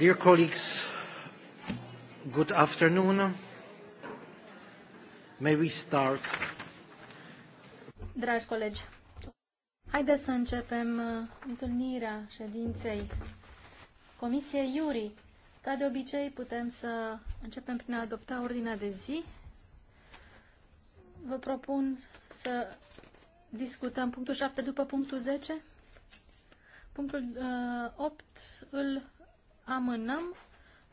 Dear colleagues, good afternoon. May we start? Dragi colegi, haideți să începem uh, întâlnirea ședinței Comisiei Iuri. Ca de obicei, putem să începem prin a adopta ordinea de zi. Vă propun să discutăm punctul 7 după punctul 10. Punctul uh, 8 îl amânăm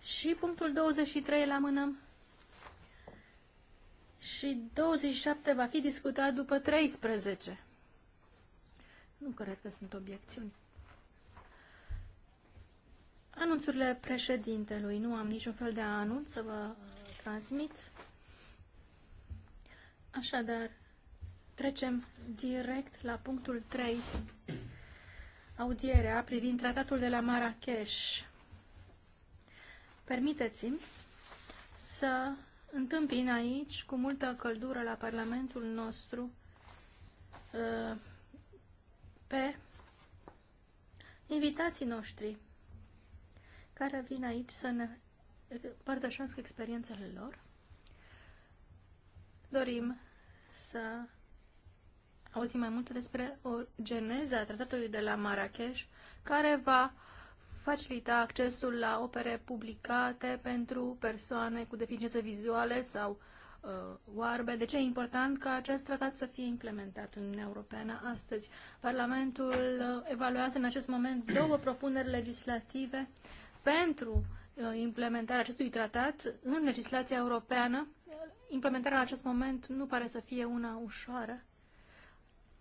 și punctul 23 îl amânăm. Și 27 va fi discutat după 13. Nu cred că sunt obiecțiuni. Anunțurile președintelui. Nu am niciun fel de anunț să vă transmit. Așadar, trecem direct la punctul 3. Audierea privind tratatul de la Marrakesh. Permiteți-mi să întâmpin aici, cu multă căldură la Parlamentul nostru, uh, pe invitații noștri care vin aici să ne părtășesc experiențele lor. Dorim să auzim mai multe despre o geneza a tratatului de la Marrakesh, care va facilita accesul la opere publicate pentru persoane cu deficiențe vizuale sau uh, oarbe. De ce e important ca acest tratat să fie implementat în Uniunea Europeană astăzi? Parlamentul uh, evaluează în acest moment două propuneri legislative pentru uh, implementarea acestui tratat în legislația europeană. Implementarea în acest moment nu pare să fie una ușoară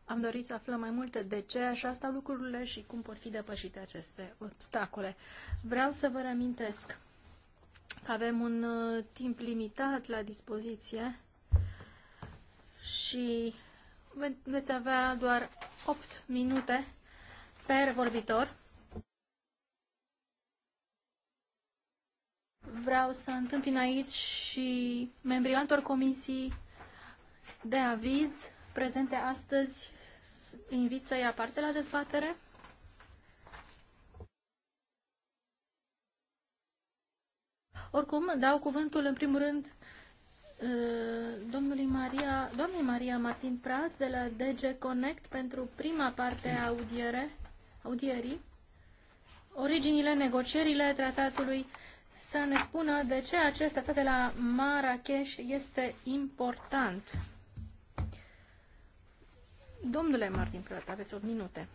am dorit să aflăm mai multe de ce așa stau lucrurile și cum pot fi depășite aceste obstacole. Vreau să vă reamintesc că avem un uh, timp limitat la dispoziție și veți avea doar 8 minute per vorbitor. Vreau să întâmpin aici și membrii altor comisii de aviz prezente astăzi invit să ia parte la dezbatere? Oricum, dau cuvântul în primul rând uh, domnului Maria, doamnei Maria Martin Praz de la DG Connect pentru prima parte a audiere, audierii. Originile, negocierile tratatului să ne spună de ce acest tratat de la Marrakesh este important. Domnule Martin Prăt, aveți 8 minute.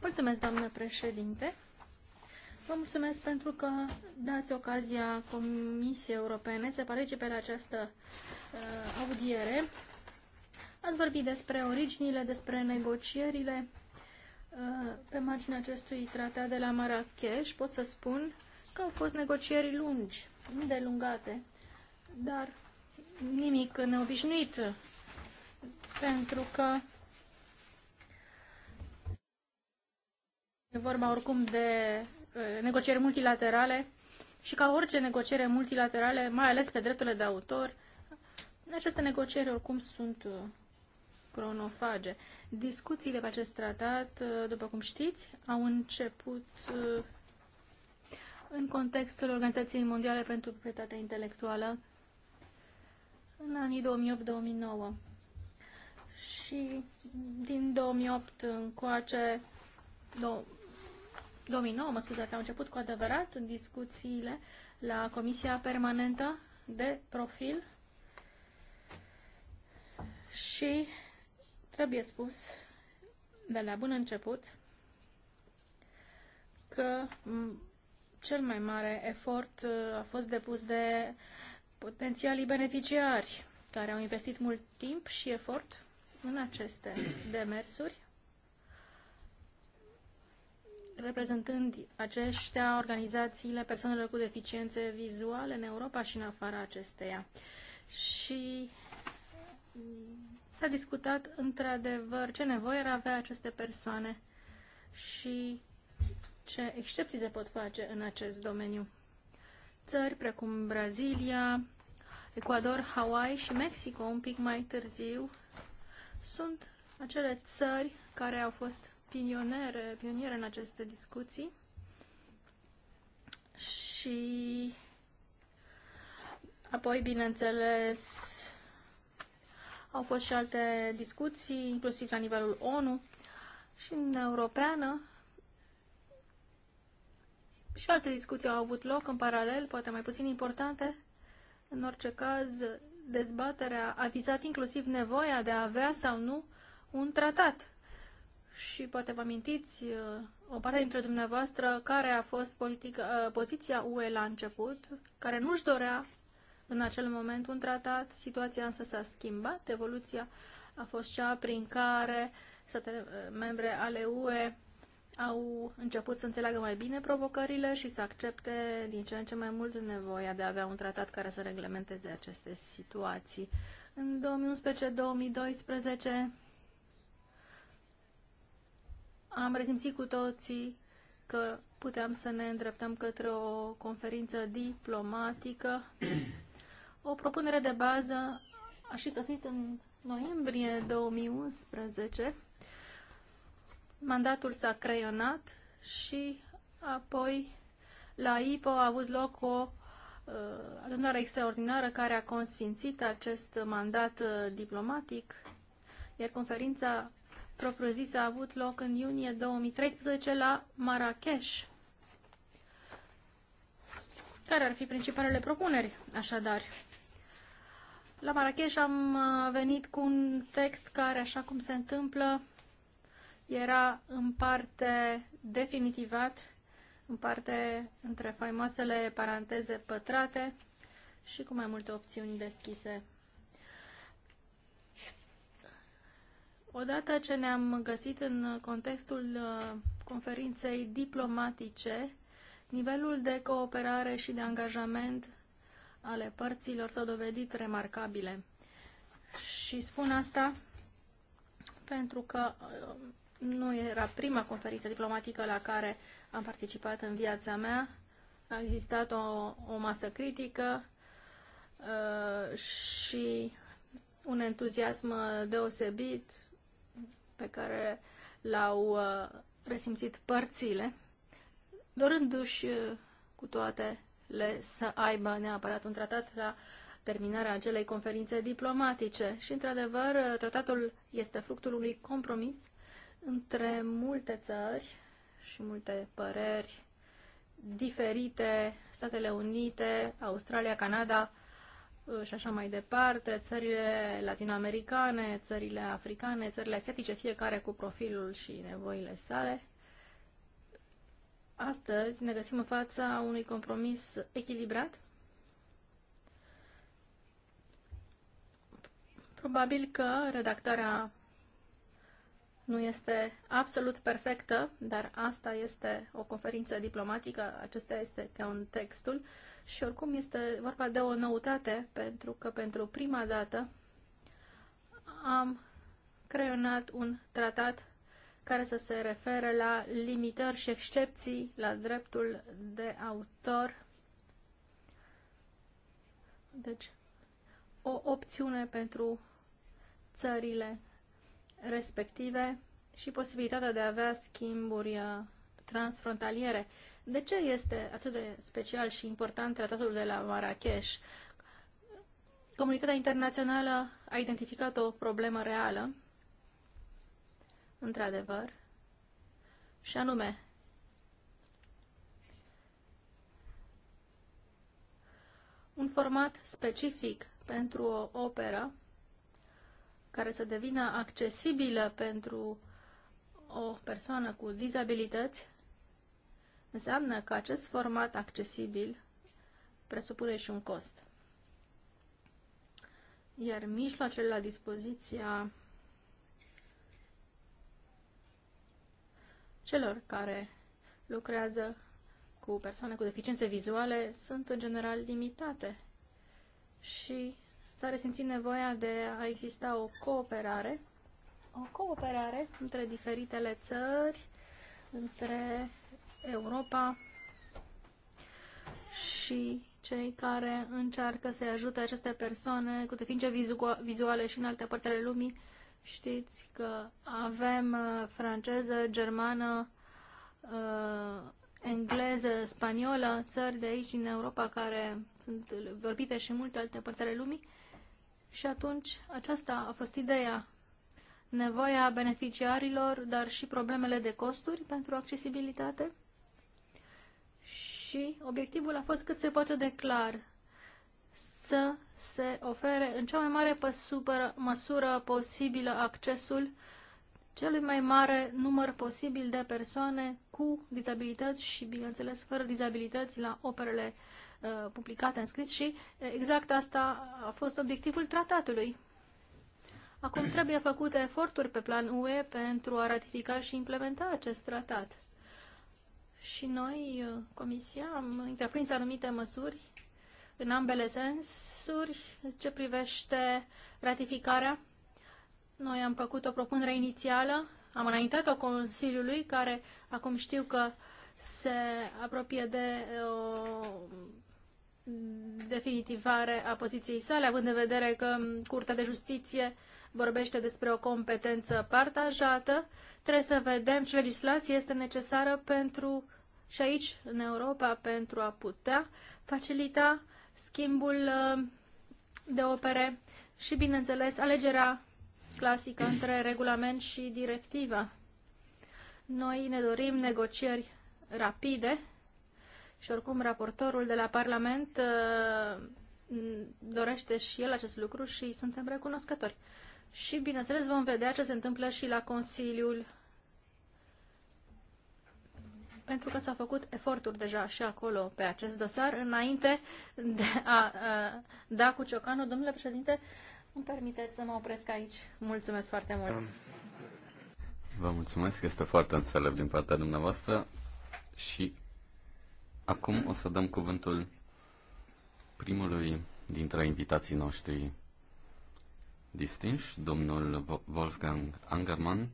Mulțumesc, doamnă președinte. Vă mulțumesc pentru că dați ocazia Comisiei Europene să participe la această uh, audiere. Ați vorbit despre originile, despre negocierile uh, pe marginea acestui tratat de la Marrakech. Pot să spun că au fost negocieri lungi, îndelungate, dar nimic neobișnuit, pentru că e vorba oricum de negocieri multilaterale și ca orice negociere multilaterale, mai ales pe drepturile de autor, aceste negocieri oricum sunt cronofage. Discuțiile pe acest tratat, după cum știți, au început în contextul Organizației Mondiale pentru Proprietatea Intelectuală, în anii 2008-2009. Și din 2008 încoace, 2009, mă scuzați, au început cu adevărat discuțiile la Comisia Permanentă de Profil și trebuie spus de la bun început că cel mai mare efort uh, a fost depus de uh, potențialii beneficiari care au investit mult timp și efort în aceste demersuri, reprezentând aceștia organizațiile persoanelor cu deficiențe vizuale în Europa și în afara acesteia. Și s-a discutat într-adevăr ce nevoie ar avea aceste persoane și ce excepții se pot face în acest domeniu țări precum Brazilia, Ecuador, Hawaii și Mexico un pic mai târziu sunt acele țări care au fost pioniere, pioniere în aceste discuții și apoi, bineînțeles, au fost și alte discuții, inclusiv la nivelul ONU și în europeană și alte discuții au avut loc în paralel, poate mai puțin importante. În orice caz, dezbaterea a vizat inclusiv nevoia de a avea sau nu un tratat. Și poate vă amintiți uh, o parte dintre dumneavoastră care a fost politica, uh, poziția UE la început, care nu-și dorea în acel moment un tratat, situația însă s-a schimbat, evoluția a fost cea prin care statele uh, membre ale UE au început să înțeleagă mai bine provocările și să accepte din ce în ce mai mult nevoia de a avea un tratat care să reglementeze aceste situații. În 2011-2012 am resimțit cu toții că puteam să ne îndreptăm către o conferință diplomatică. O propunere de bază a și sosit în noiembrie 2011 mandatul s-a creionat și apoi la IPO a avut loc o uh, adunare extraordinară care a consfințit acest mandat uh, diplomatic, iar conferința propriu-zisă a avut loc în iunie 2013 la Marrakesh. Care ar fi principalele propuneri, așadar? La Marrakesh am uh, venit cu un text care, așa cum se întâmplă era în parte definitivat, în parte între faimoasele paranteze pătrate și cu mai multe opțiuni deschise. Odată ce ne-am găsit în contextul uh, conferinței diplomatice, nivelul de cooperare și de angajament ale părților s-au dovedit remarcabile. Și spun asta pentru că uh, nu era prima conferință diplomatică la care am participat în viața mea. A existat o, o masă critică uh, și un entuziasm deosebit pe care l-au uh, resimțit părțile, dorându-și uh, cu toate le să aibă neapărat un tratat la terminarea acelei conferințe diplomatice. Și, într-adevăr, tratatul este fructul unui compromis între multe țări și multe păreri diferite, Statele Unite, Australia, Canada uh, și așa mai departe, țările latinoamericane, țările africane, țările asiatice, fiecare cu profilul și nevoile sale. Astăzi ne găsim în fața unui compromis echilibrat. Probabil că redactarea nu este absolut perfectă, dar asta este o conferință diplomatică, acesta este un textul și oricum este vorba de o noutate, pentru că pentru prima dată am creionat un tratat care să se refere la limitări și excepții la dreptul de autor. Deci, o opțiune pentru țările respective și posibilitatea de a avea schimburi uh, transfrontaliere. De ce este atât de special și important tratatul de la Marrakesh? Comunitatea internațională a identificat o problemă reală, într-adevăr, și anume un format specific pentru o operă care să devină accesibilă pentru o persoană cu dizabilități, înseamnă că acest format accesibil presupune și un cost. Iar mijloacele la dispoziția celor care lucrează cu persoane cu deficiențe vizuale sunt în general limitate și s-a resimțit nevoia de a exista o cooperare, o cooperare între diferitele țări, între Europa și cei care încearcă să ajute aceste persoane cu deficiențe vizuale și în alte părți ale lumii. Știți că avem uh, franceză, germană, uh, engleză, spaniolă, țări de aici din Europa care sunt vorbite și multe alte părți ale lumii și atunci aceasta a fost ideea. Nevoia beneficiarilor, dar și problemele de costuri pentru accesibilitate. Și obiectivul a fost cât se poate de clar să se ofere în cea mai mare măsură posibilă accesul celui mai mare număr posibil de persoane cu dizabilități și, bineînțeles, fără dizabilități la operele uh, Uh, publicate în scris și uh, exact asta a fost obiectivul tratatului. Acum trebuie făcute eforturi pe plan UE pentru a ratifica și implementa acest tratat. Și noi, uh, Comisia, am întreprins anumite măsuri în ambele sensuri ce privește ratificarea. Noi am făcut o propunere inițială, am înaintat-o Consiliului, care acum știu că se apropie de o definitivare a poziției sale, având în vedere că Curtea de Justiție vorbește despre o competență partajată, trebuie să vedem ce legislație este necesară pentru și aici, în Europa, pentru a putea facilita schimbul uh, de opere și, bineînțeles, alegerea clasică între regulament și directiva. Noi ne dorim negocieri rapide și oricum, raportorul de la Parlament uh, dorește și el acest lucru și suntem recunoscători. Și, bineînțeles, vom vedea ce se întâmplă și la Consiliul, pentru că s-au făcut eforturi deja și acolo pe acest dosar, înainte de a, a uh, da cu ciocanul. Domnule președinte, îmi permiteți să mă opresc aici. Mulțumesc foarte mult! Um. Vă mulțumesc, este foarte înțelept din partea dumneavoastră și Acum o să dăm cuvântul primului dintre invitații noștri distinși, domnul Wolfgang Angermann,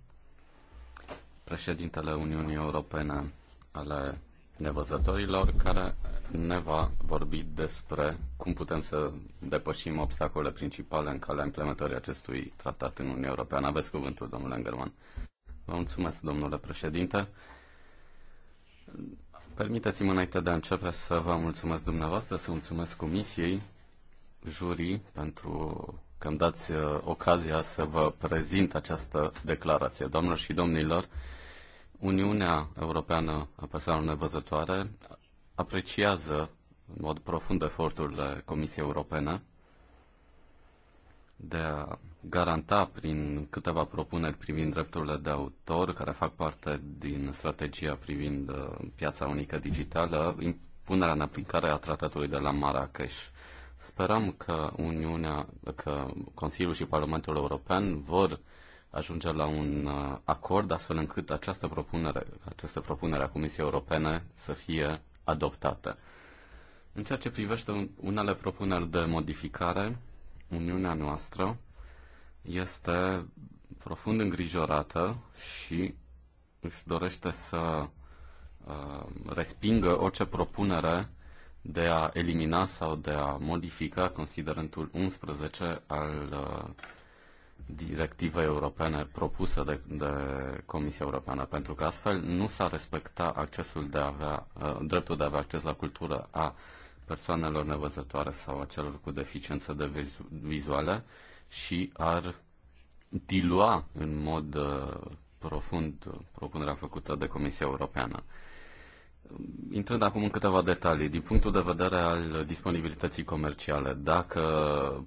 președintele Uniunii Europene ale nevăzătorilor, care ne va vorbi despre cum putem să depășim obstacolele principale în calea implementării acestui tratat în Uniunea Europeană. Aveți cuvântul, domnule Angerman. Vă mulțumesc, domnule președinte. Permiteți-mi înainte de a începe să vă mulțumesc dumneavoastră, să mulțumesc comisiei, jurii, pentru că îmi dați uh, ocazia să vă prezint această declarație. Doamnelor și domnilor, Uniunea Europeană a Persoanelor Nevăzătoare apreciază în mod profund eforturile Comisiei Europene de a garanta prin câteva propuneri privind drepturile de autor, care fac parte din strategia privind uh, piața unică digitală, punerea în aplicare a tratatului de la Marrakesh. Sperăm că Uniunea, că Consiliul și Parlamentul European vor ajunge la un uh, acord astfel încât această propunere, această propunere a Comisiei Europene să fie adoptată. În ceea ce privește unele propuneri de modificare, Uniunea noastră este profund îngrijorată și își dorește să uh, respingă orice propunere de a elimina sau de a modifica considerentul 11 al uh, directivei europene propusă de, de Comisia Europeană, pentru că astfel nu s-a respectat accesul de a avea, uh, dreptul de a avea acces la cultură a persoanelor nevăzătoare sau a celor cu deficiență de vizuale și ar dilua în mod uh, profund propunerea făcută de Comisia Europeană. Intrând acum în câteva detalii, din punctul de vedere al disponibilității comerciale, dacă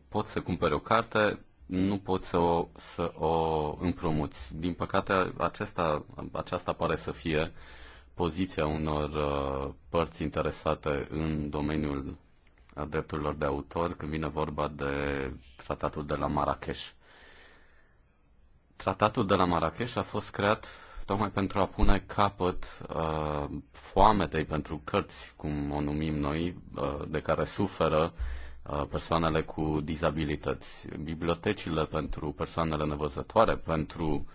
pot să cumpere o carte, nu pot să o, să o împrumuți. Din păcate, acesta, aceasta pare să fie poziția unor uh, părți interesate în domeniul a drepturilor de autor când vine vorba de tratatul de la Marrakesh. Tratatul de la Marrakesh a fost creat tocmai pentru a pune capăt uh, foametei pentru cărți, cum o numim noi, uh, de care suferă uh, persoanele cu dizabilități. Bibliotecile pentru persoanele nevăzătoare, pentru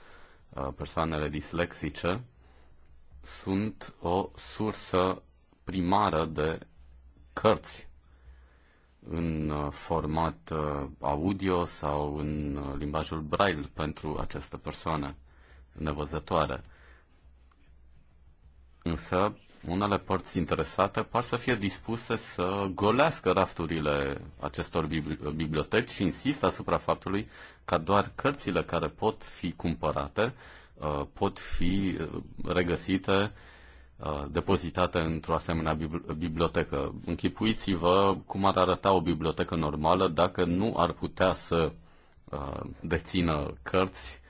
uh, persoanele dislexice, sunt o sursă primară de cărți în uh, format uh, audio sau în uh, limbajul braille pentru această persoană nevăzătoare. Însă, unele părți interesate par să fie dispuse să golească rafturile acestor biblioteci și insist asupra faptului că doar cărțile care pot fi cumpărate pot fi regăsite Uh, depozitate într-o asemenea bibliotecă. Închipuiți-vă cum ar arăta o bibliotecă normală dacă nu ar putea să uh, dețină cărți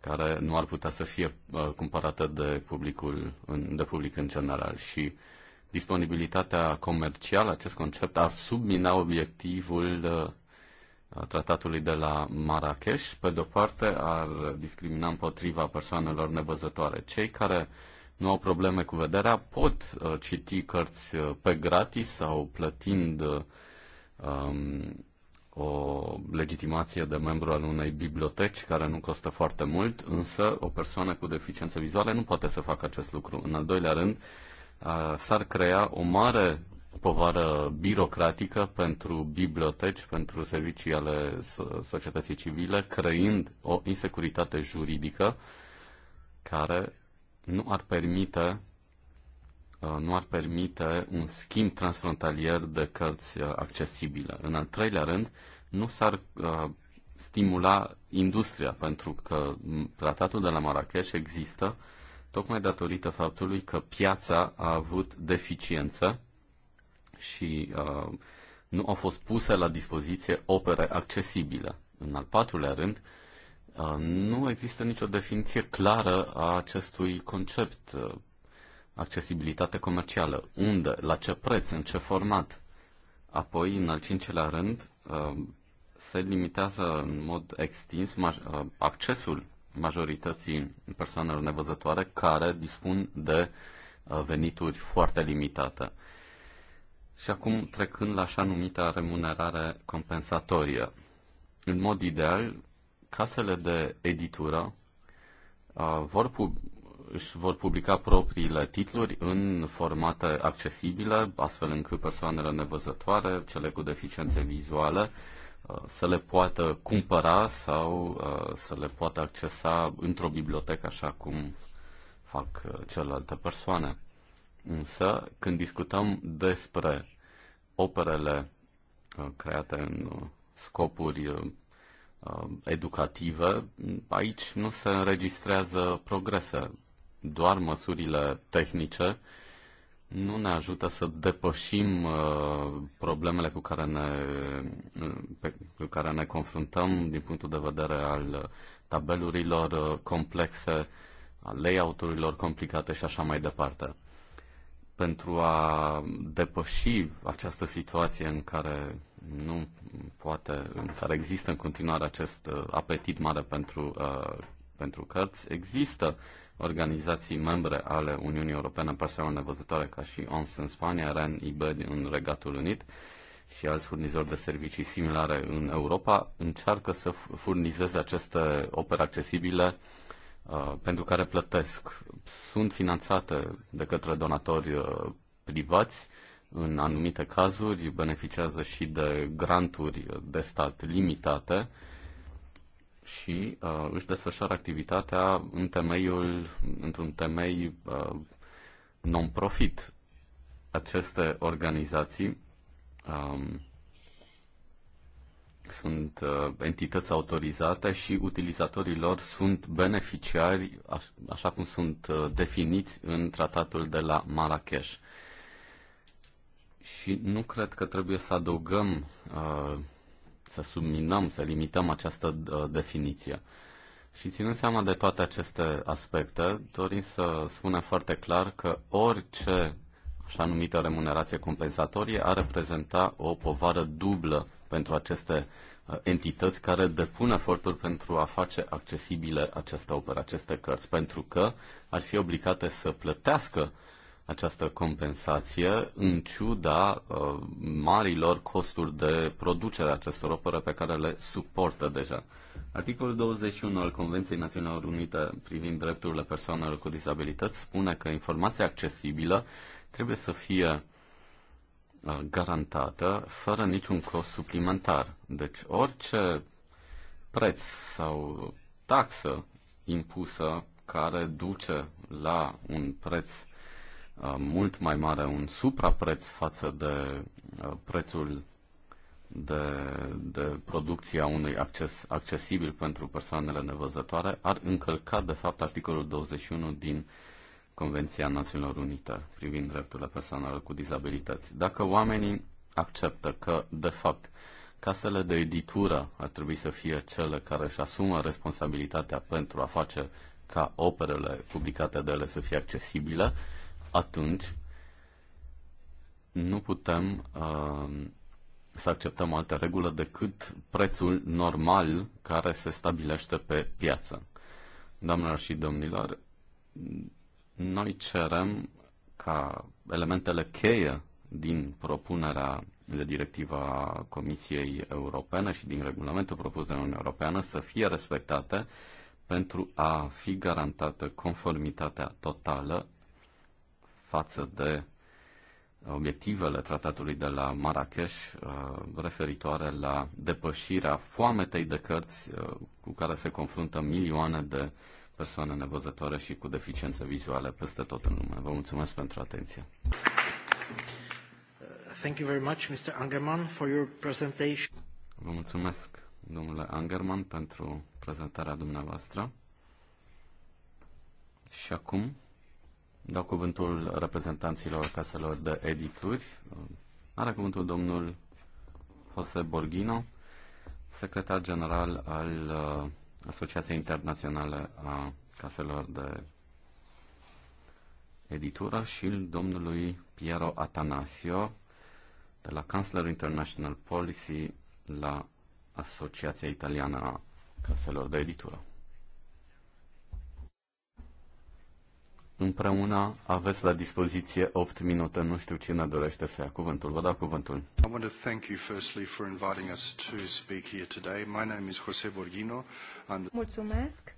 care nu ar putea să fie uh, cumpărate de publicul de public în general și disponibilitatea comercială, acest concept ar submina obiectivul tratatului de la Marrakesh, pe de o parte ar discrimina împotriva persoanelor nevăzătoare. Cei care uh, nu au probleme cu vederea, pot uh, citi cărți uh, pe gratis sau plătind uh, um, o legitimație de membru al unei biblioteci care nu costă foarte mult, însă o persoană cu deficiență vizuală nu poate să facă acest lucru. În al doilea rând, uh, s-ar crea o mare povară birocratică pentru biblioteci, pentru servicii ale societății civile, creând o insecuritate juridică care nu ar permite uh, nu ar permite un schimb transfrontalier de cărți uh, accesibile. În al treilea rând, nu s-ar uh, stimula industria, pentru că tratatul de la Marrakesh există tocmai datorită faptului că piața a avut deficiență și uh, nu au fost puse la dispoziție opere accesibile. În al patrulea rând, uh, nu există nicio definiție clară a acestui concept, accesibilitate comercială. Unde, la ce preț, în ce format. Apoi, în al cincilea rând, se limitează în mod extins accesul majorității persoanelor nevăzătoare care dispun de venituri foarte limitate. Și acum trecând la așa numita remunerare compensatorie. În mod ideal, casele de editură uh, vor pub- își vor publica propriile titluri în formate accesibile, astfel încât persoanele nevăzătoare, cele cu deficiențe vizuale, uh, să le poată cumpăra sau uh, să le poată accesa într-o bibliotecă, așa cum fac uh, celelalte persoane. Însă, când discutăm despre operele create în scopuri Um, educative, aici nu se înregistrează progrese. Doar măsurile tehnice nu ne ajută să depășim uh, problemele cu care ne, pe, cu care ne confruntăm din punctul de vedere al tabelurilor uh, complexe, al layout-urilor complicate și așa mai departe pentru a depăși această situație în care nu poate, care există în continuare acest uh, apetit mare pentru, uh, pentru cărți, există organizații membre ale Uniunii Europene, persoane nevăzătoare ca și ONS în Spania, REN, IBED în Regatul Unit și alți furnizori de servicii similare în Europa, încearcă să furnizeze aceste opere accesibile uh, pentru care plătesc. Sunt finanțate de către donatori uh, privați, uh, în anumite cazuri beneficiază și de granturi de stat limitate și uh, își desfășoară activitatea în temeiul, într-un temei uh, non-profit. Aceste organizații um, sunt uh, entități autorizate și utilizatorii lor sunt beneficiari, aș, așa cum sunt uh, definiți în tratatul de la Marrakesh. Și nu cred că trebuie să adăugăm, uh, să subminăm, să limităm această uh, definiție. Și ținând seama de toate aceste aspecte, dorim să spunem foarte clar că orice așa numită remunerație compensatorie ar reprezenta o povară dublă pentru aceste uh, entități care depun eforturi pentru a face accesibile aceste opere, aceste cărți, pentru că ar fi obligate să plătească uh, această compensație în ciuda uh, marilor costuri de producere a acestor opere pe care le suportă deja. Articolul 21 al Convenției Națiunilor Unite privind drepturile persoanelor cu dizabilități spune că informația accesibilă trebuie să fie uh, garantată fără niciun cost suplimentar. Deci orice preț sau taxă impusă care duce la un preț Uh, mult mai mare, un suprapreț față de uh, prețul de, de producție a unui acces accesibil pentru persoanele nevăzătoare, ar încălca, de fapt, articolul 21 din Convenția Națiunilor Unite privind drepturile persoanelor cu dizabilități. Dacă oamenii acceptă că, de fapt, casele de editură ar trebui să fie cele care își asumă responsabilitatea pentru a face ca operele publicate de ele să fie accesibile, atunci nu putem uh, să acceptăm altă regulă decât prețul normal care se stabilește pe piață. Doamnelor și domnilor, noi cerem ca elementele cheie din propunerea de directiva Comisiei Europene și din regulamentul propus de Uniunea Europeană să fie respectate pentru a fi garantată conformitatea totală față de obiectivele tratatului de la Marrakesh uh, referitoare la depășirea foametei de cărți uh, cu care se confruntă milioane de persoane nevăzătoare și cu deficiențe vizuale peste tot în lume. Vă mulțumesc pentru atenție. Thank you very much, Mr. Angerman, for your presentation. Vă mulțumesc, domnule Angerman, pentru prezentarea dumneavoastră. Și acum Dau cuvântul reprezentanților caselor de edituri. Are cuvântul domnul Jose Borghino, secretar general al uh, Asociației Internaționale a Caselor de Editură și domnului Piero Atanasio de la Counselor International Policy la Asociația Italiană a Caselor de Editură. Împreună aveți la dispoziție 8 minute. Nu știu cine dorește să ia cuvântul. Vă dau cuvântul. I want to thank you firstly for inviting us to speak here today. My name is Jose Borghino. I'm... Mulțumesc.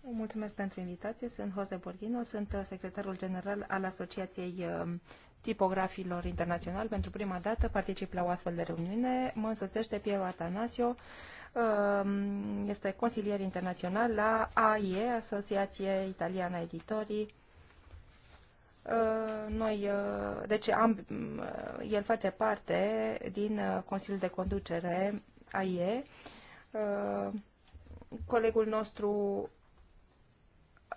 Mulțumesc pentru invitație. Sunt Jose Borghino, sunt uh, secretarul general al Asociației uh, Tipografilor Internațional. Pentru prima dată particip la o astfel de reuniune. Mă însoțește Piero Atanasio, um, este consilier internațional la AIE, Asociație Italiana Editorii Uh, noi, uh, deci am, uh, el face parte din Consiliul de Conducere AIE. Colegul nostru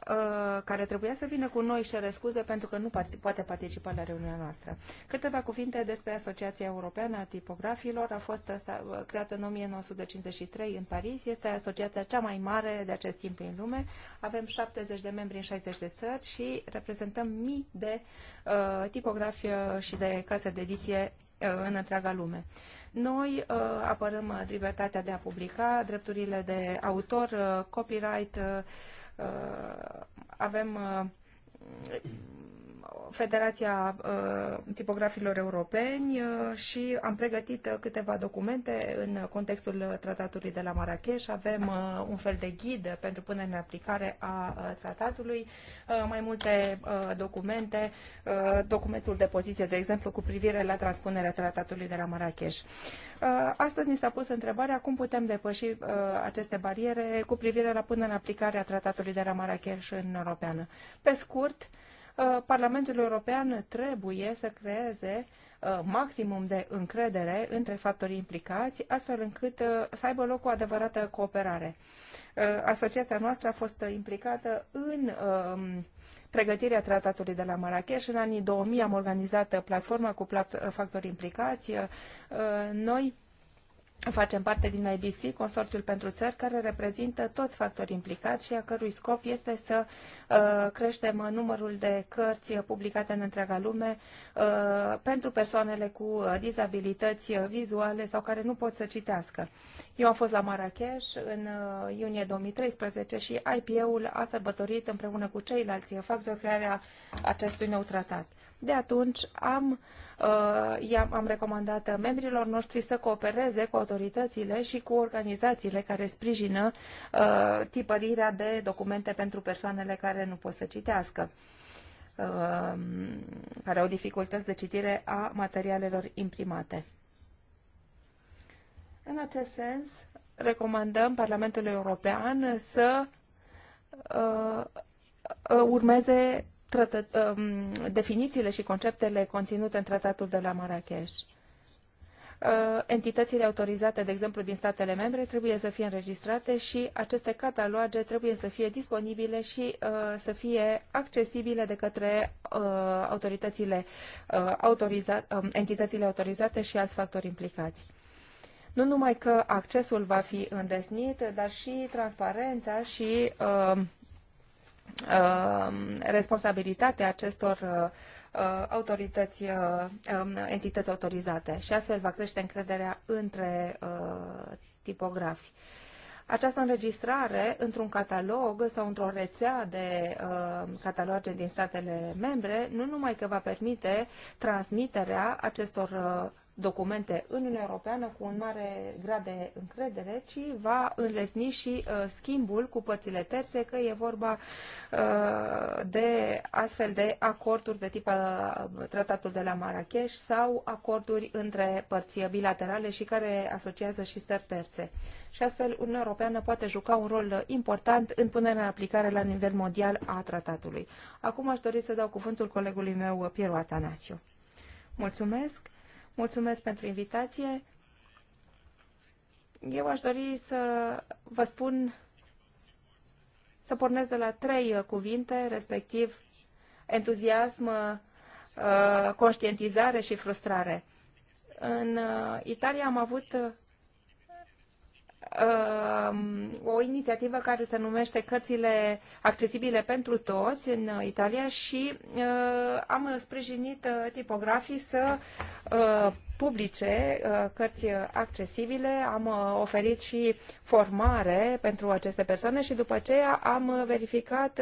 Uh, care trebuia să vină cu noi și cere scuze pentru că nu part poate participa la reuniunea noastră. Câteva cuvinte despre Asociația Europeană a Tipografilor. A fost uh, creată în 1953 în Paris. Este asociația cea mai mare de acest timp în lume. Avem 70 de membri în 60 de țări și reprezentăm mii de uh, tipografi uh, și de case de ediție în întreaga lume. Noi uh, apărăm libertatea de a publica, drepturile de autor, uh, copyright, uh, Uh, avem uh, Federația uh, Tipografilor Europeni uh, și am pregătit uh, câteva documente în contextul tratatului de la Marrakesh. Avem un fel de ghid pentru punerea în aplicare a tratatului, mai multe documente, documentul de poziție, de exemplu, cu privire la transpunerea tratatului de la Marrakesh. Astăzi ni s-a pus întrebarea cum putem depăși aceste bariere cu privire la punerea în aplicare a tratatului de la Marrakesh în Europeană. Pe scurt, Uh, Parlamentul European trebuie să creeze uh, maximum de încredere între factorii implicați, astfel încât uh, să aibă loc o adevărată cooperare. Asociația noastră a fost implicată în um, pregătirea tratatului de la Marrakesh. În anii 2000 am organizat platforma cu factorii implicați. Noi Facem parte din IBC, Consorțiul pentru Țări, care reprezintă toți factorii implicați și a cărui scop este să uh, creștem numărul de cărți publicate în întreaga lume uh, pentru persoanele cu uh, dizabilități vizuale sau care nu pot să citească. Eu am fost la Marrakesh în uh, iunie 2013 și IPA-ul a sărbătorit împreună cu ceilalți factori crearea acestui nou tratat. De atunci am, uh, am am recomandat membrilor noștri să coopereze cu autoritățile și cu organizațiile care sprijină uh, tipărirea de documente pentru persoanele care nu pot să citească uh, care au dificultăți de citire a materialelor imprimate. În acest sens, recomandăm Parlamentului European să uh, urmeze trătă, um, definițiile și conceptele conținute în tratatul de la Marrakesh uh, entitățile autorizate, de exemplu, din statele membre, trebuie să fie înregistrate și aceste cataloge trebuie să fie disponibile și uh, să fie accesibile de către uh, autoritățile, uh, autoriza- uh, entitățile autorizate și alți factori implicați. Nu numai că accesul va fi îndesnit, dar și transparența și uh, Um, responsabilitatea acestor uh, autorități, uh, um, entități autorizate și astfel va crește încrederea între uh, tipografi. Această înregistrare într-un catalog sau într-o rețea de uh, cataloge din statele membre nu numai că va permite transmiterea acestor documente în Uniunea Europeană cu un mare grad de încredere, ci va înlesni și uh, schimbul cu părțile terțe, că e vorba uh, de astfel de acorduri de tip uh, tratatul de la Marrakesh sau acorduri între părți bilaterale și care asociază și stări terțe. Și astfel Uniunea Europeană poate juca un rol important în punerea în aplicare la nivel mondial a tratatului. Acum aș dori să dau cuvântul colegului meu, Piero Atanasiu. Mulțumesc! Mulțumesc pentru invitație. Eu aș dori să vă spun, să pornesc de la trei uh, cuvinte, respectiv entuziasm, uh, conștientizare și frustrare. În uh, Italia am avut o inițiativă care se numește Cărțile accesibile pentru toți în Italia și uh, am sprijinit uh, tipografii să uh, publice cărți accesibile, am oferit și formare pentru aceste persoane și după aceea am verificat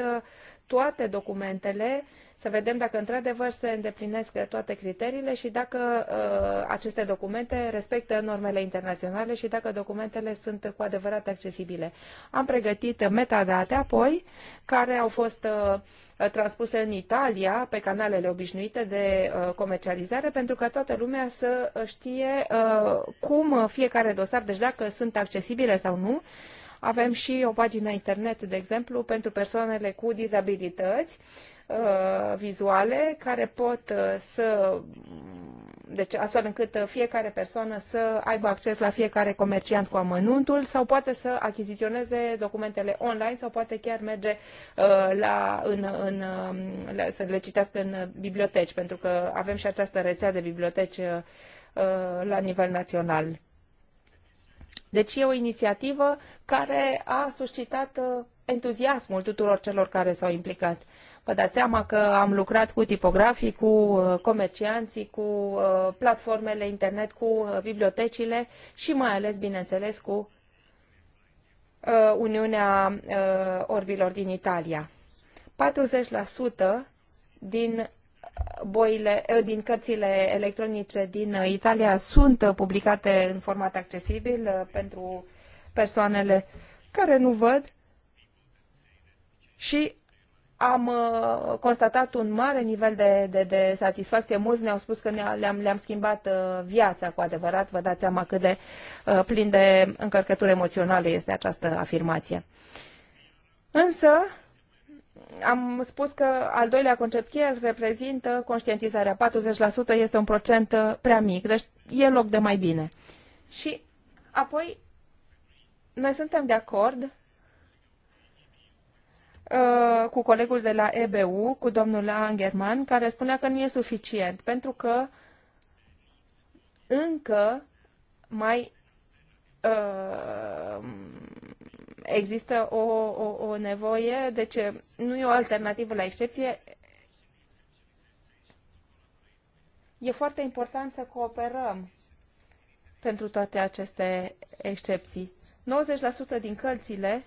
toate documentele, să vedem dacă într-adevăr se îndeplinesc toate criteriile și dacă uh, aceste documente respectă normele internaționale și dacă documentele sunt cu adevărat accesibile. Am pregătit metadate apoi, care au fost uh, transpuse în Italia pe canalele obișnuite de uh, comercializare, pentru ca toată lumea să știe uh, cum fiecare dosar, deci dacă sunt accesibile sau nu, uh, avem și o pagină internet, de exemplu, pentru persoanele cu dizabilități uh, vizuale care pot uh, să deci astfel încât fiecare persoană să aibă acces la fiecare comerciant cu amănuntul sau poate să achiziționeze documentele online sau poate chiar merge uh, la, în, în, la, să le citească în biblioteci pentru că avem și această rețea de biblioteci la nivel național. Deci e o inițiativă care a suscitat uh, entuziasmul tuturor celor care s-au implicat. Vă dați seama că am lucrat cu tipografii, cu uh, comercianții, cu uh, platformele internet, cu bibliotecile și mai ales, bineînțeles, cu Uniunea Orbilor din Italia. 40% din boile, eh, din cărțile electronice din eh, Italia sunt eh, publicate în format accesibil pentru persoanele care nu văd și am constatat un mare nivel de, de, de satisfacție. Mulți ne-au spus că ne-am, le-am, le schimbat viața cu adevărat. Vă dați seama cât de plin de încărcătură emoțională este această afirmație. Însă, am spus că al doilea concept cheie reprezintă conștientizarea. 40% este un procent uh, prea mic, deci e loc de mai bine. Și apoi, noi suntem de acord uh, cu colegul de la EBU, cu domnul Angerman, care spunea că nu e suficient, pentru că încă mai uh, există o, o, o nevoie, deci nu e o alternativă la excepție. E foarte important să cooperăm pentru toate aceste excepții. 90% din cărțile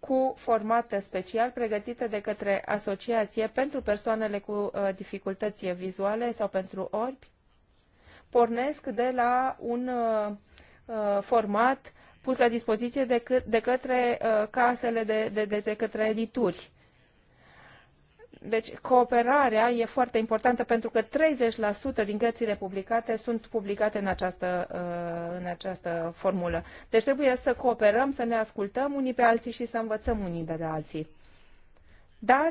cu format special pregătite de către asociație pentru persoanele cu uh, dificultăți vizuale sau pentru orbi pornesc de la un uh, Uh, format pus la dispoziție de, că, de către uh, casele de, de, de, de către edituri. Deci cooperarea e foarte importantă pentru că 30% din cărțile publicate sunt publicate în această, uh, în această formulă. Deci trebuie să cooperăm, să ne ascultăm unii pe alții și să învățăm unii de la alții. Dar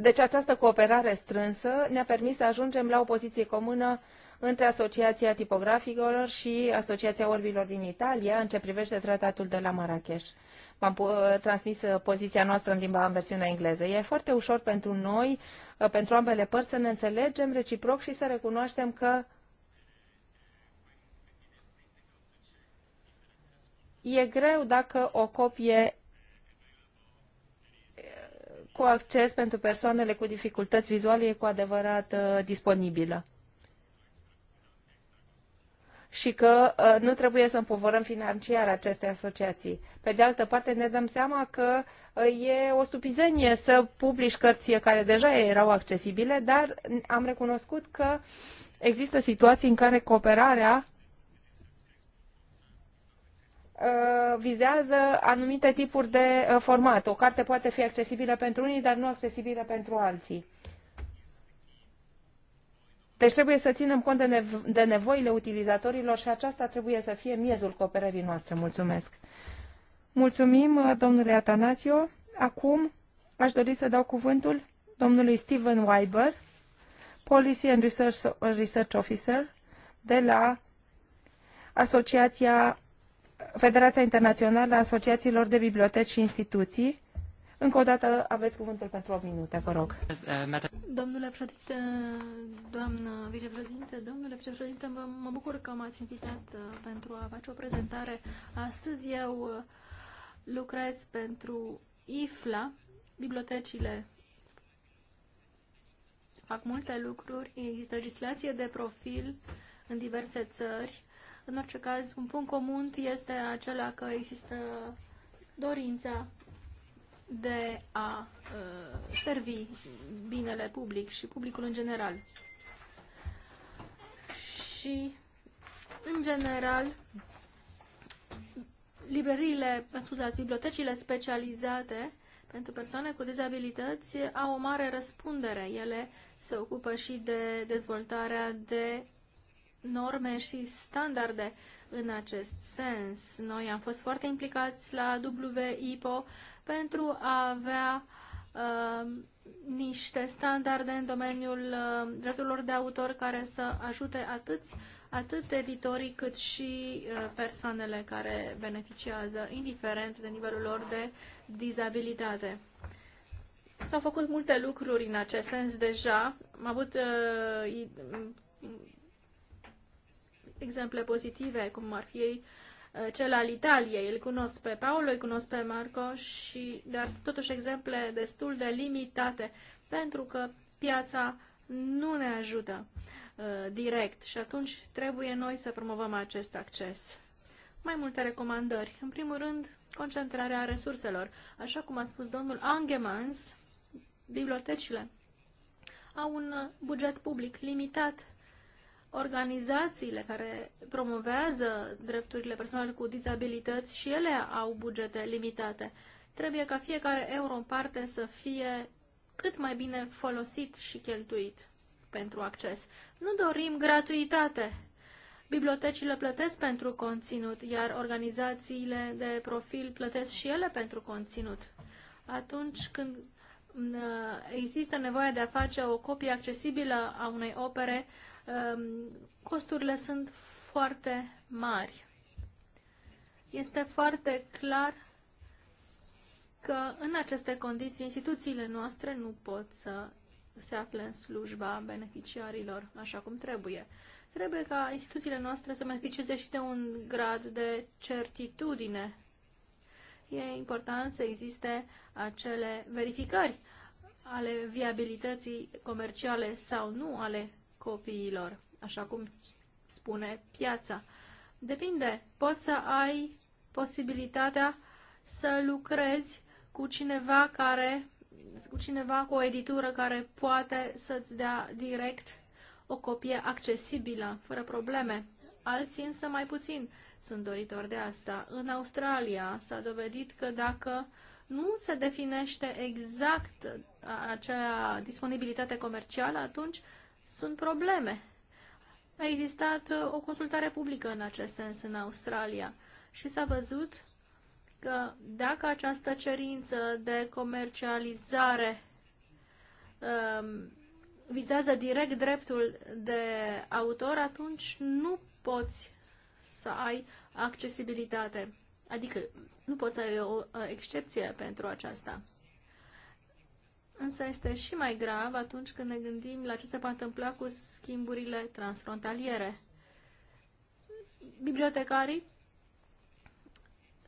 Deci această cooperare strânsă ne-a permis să ajungem la o poziție comună între Asociația Tipograficilor și Asociația Orbilor din Italia în ce privește tratatul de la Marrakesh. V-am transmis uh, poziția noastră în limba în versiunea engleză. E foarte ușor pentru noi, uh, pentru ambele părți, să ne înțelegem reciproc și să recunoaștem că e greu dacă o copie cu acces pentru persoanele cu dificultăți vizuale e cu adevărat uh, disponibilă. Și că uh, nu trebuie să împovărăm financiar aceste asociații. Pe de altă parte, ne dăm seama că uh, e o stupizenie să publici cărți care deja erau accesibile, dar am recunoscut că există situații în care cooperarea Uh, vizează anumite tipuri de uh, format. O carte poate fi accesibilă pentru unii, dar nu accesibilă pentru alții. Deci trebuie să ținem cont de, de nevoile utilizatorilor și aceasta trebuie să fie miezul cooperării noastre. Mulțumesc! Mulțumim, uh, domnule Atanasio. Acum aș dori să dau cuvântul domnului Steven Weiber, Policy and Research, Research Officer de la Asociația Federația Internațională a Asociațiilor de Biblioteci și Instituții. Încă o dată aveți cuvântul pentru 8 minute, vă rog. Domnule președinte, doamnă vicepreședinte, domnule vicepreședinte, mă, bucur că m-ați invitat uh, pentru a face o prezentare. Astăzi eu uh, lucrez pentru IFLA, bibliotecile fac multe lucruri, există legislație de profil în diverse țări în orice caz, un punct comun este acela că există dorința de a uh, servi binele public și publicul în general. Și, în general, librăriile, scuzați, bibliotecile specializate pentru persoane cu dizabilități au o mare răspundere. Ele se ocupă și de dezvoltarea de norme și standarde în acest sens. Noi am fost foarte implicați la WIPO pentru a avea uh, niște standarde în domeniul uh, drepturilor de autor care să ajute atât, atât editorii cât și uh, persoanele care beneficiază, indiferent de nivelul lor de dizabilitate. S-au făcut multe lucruri în acest sens deja. Am avut uh, exemple pozitive, cum ar fi uh, cel al Italiei. Îl cunosc pe Paolo, îl cunosc pe Marco, și, dar totuși exemple destul de limitate, pentru că piața nu ne ajută uh, direct și atunci trebuie noi să promovăm acest acces. Mai multe recomandări. În primul rând, concentrarea resurselor. Așa cum a spus domnul Angemans, bibliotecile au un uh, buget public limitat organizațiile care promovează drepturile persoanelor cu dizabilități și ele au bugete limitate. Trebuie ca fiecare euro în parte să fie cât mai bine folosit și cheltuit pentru acces. Nu dorim gratuitate. Bibliotecile plătesc pentru conținut, iar organizațiile de profil plătesc și ele pentru conținut. Atunci când uh, există nevoie de a face o copie accesibilă a unei opere, Ehm, costurile sunt foarte mari. Este foarte clar că în aceste condiții instituțiile noastre nu pot să se afle în slujba beneficiarilor așa cum trebuie. Trebuie ca instituțiile noastre să beneficieze și de un grad de certitudine. E important să existe acele verificări ale viabilității comerciale sau nu ale copiilor, așa cum spune piața. Depinde, poți să ai posibilitatea să lucrezi cu cineva care cu cineva cu o editură care poate să-ți dea direct o copie accesibilă, fără probleme. Alții însă mai puțin sunt doritori de asta. În Australia s-a dovedit că dacă nu se definește exact acea disponibilitate comercială, atunci sunt probleme. A existat uh, o consultare publică în acest sens în Australia și s-a văzut că dacă această cerință de comercializare um, vizează direct dreptul de autor, atunci nu poți să ai accesibilitate. Adică nu poți să ai o excepție pentru aceasta. Însă este și mai grav atunci când ne gândim la ce se va întâmpla cu schimburile transfrontaliere. Bibliotecarii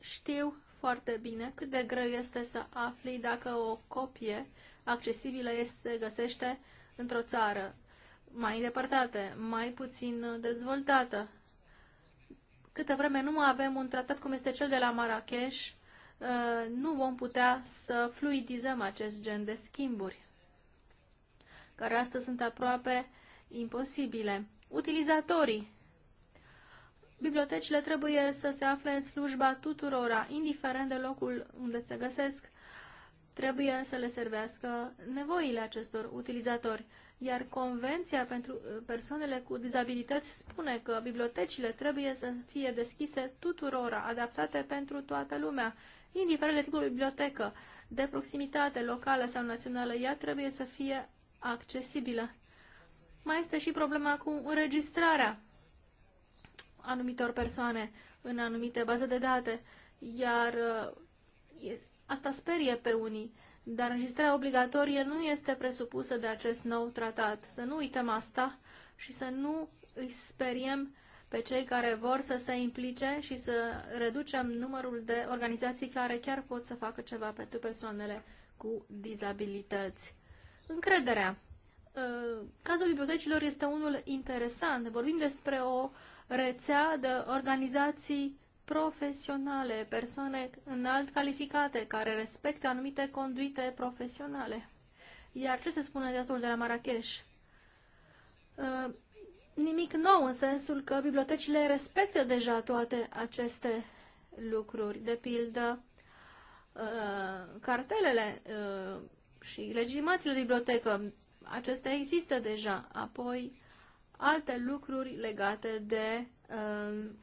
știu foarte bine cât de greu este să afli dacă o copie accesibilă este găsește într-o țară mai îndepărtată, mai puțin dezvoltată. Câte vreme nu avem un tratat cum este cel de la Marrakesh, Uh, nu vom putea să fluidizăm acest gen de schimburi, care astăzi sunt aproape imposibile. Utilizatorii Bibliotecile trebuie să se afle în slujba tuturora, indiferent de locul unde se găsesc. Trebuie să le servească nevoile acestor utilizatori. Iar Convenția pentru uh, persoanele cu dizabilități spune că bibliotecile trebuie să fie deschise tuturora, adaptate pentru toată lumea indiferent de tipul bibliotecă, de proximitate locală sau națională, ea trebuie să fie accesibilă. Mai este și problema cu înregistrarea anumitor persoane în anumite baze de date, iar uh, asta sperie pe unii, dar înregistrarea obligatorie nu este presupusă de acest nou tratat. Să nu uităm asta și să nu îi speriem pe cei care vor să se implice și să reducem numărul de organizații care chiar pot să facă ceva pentru persoanele cu dizabilități. Încrederea. Uh, cazul bibliotecilor este unul interesant. Vorbim despre o rețea de organizații profesionale, persoane înalt calificate care respectă anumite conduite profesionale. Iar ce se spune de atul de la Marrakesh? Uh, nimic nou în sensul că bibliotecile respectă deja toate aceste lucruri, de pildă uh, cartelele uh, și legitimațiile de bibliotecă, acestea există deja. Apoi alte lucruri legate de um,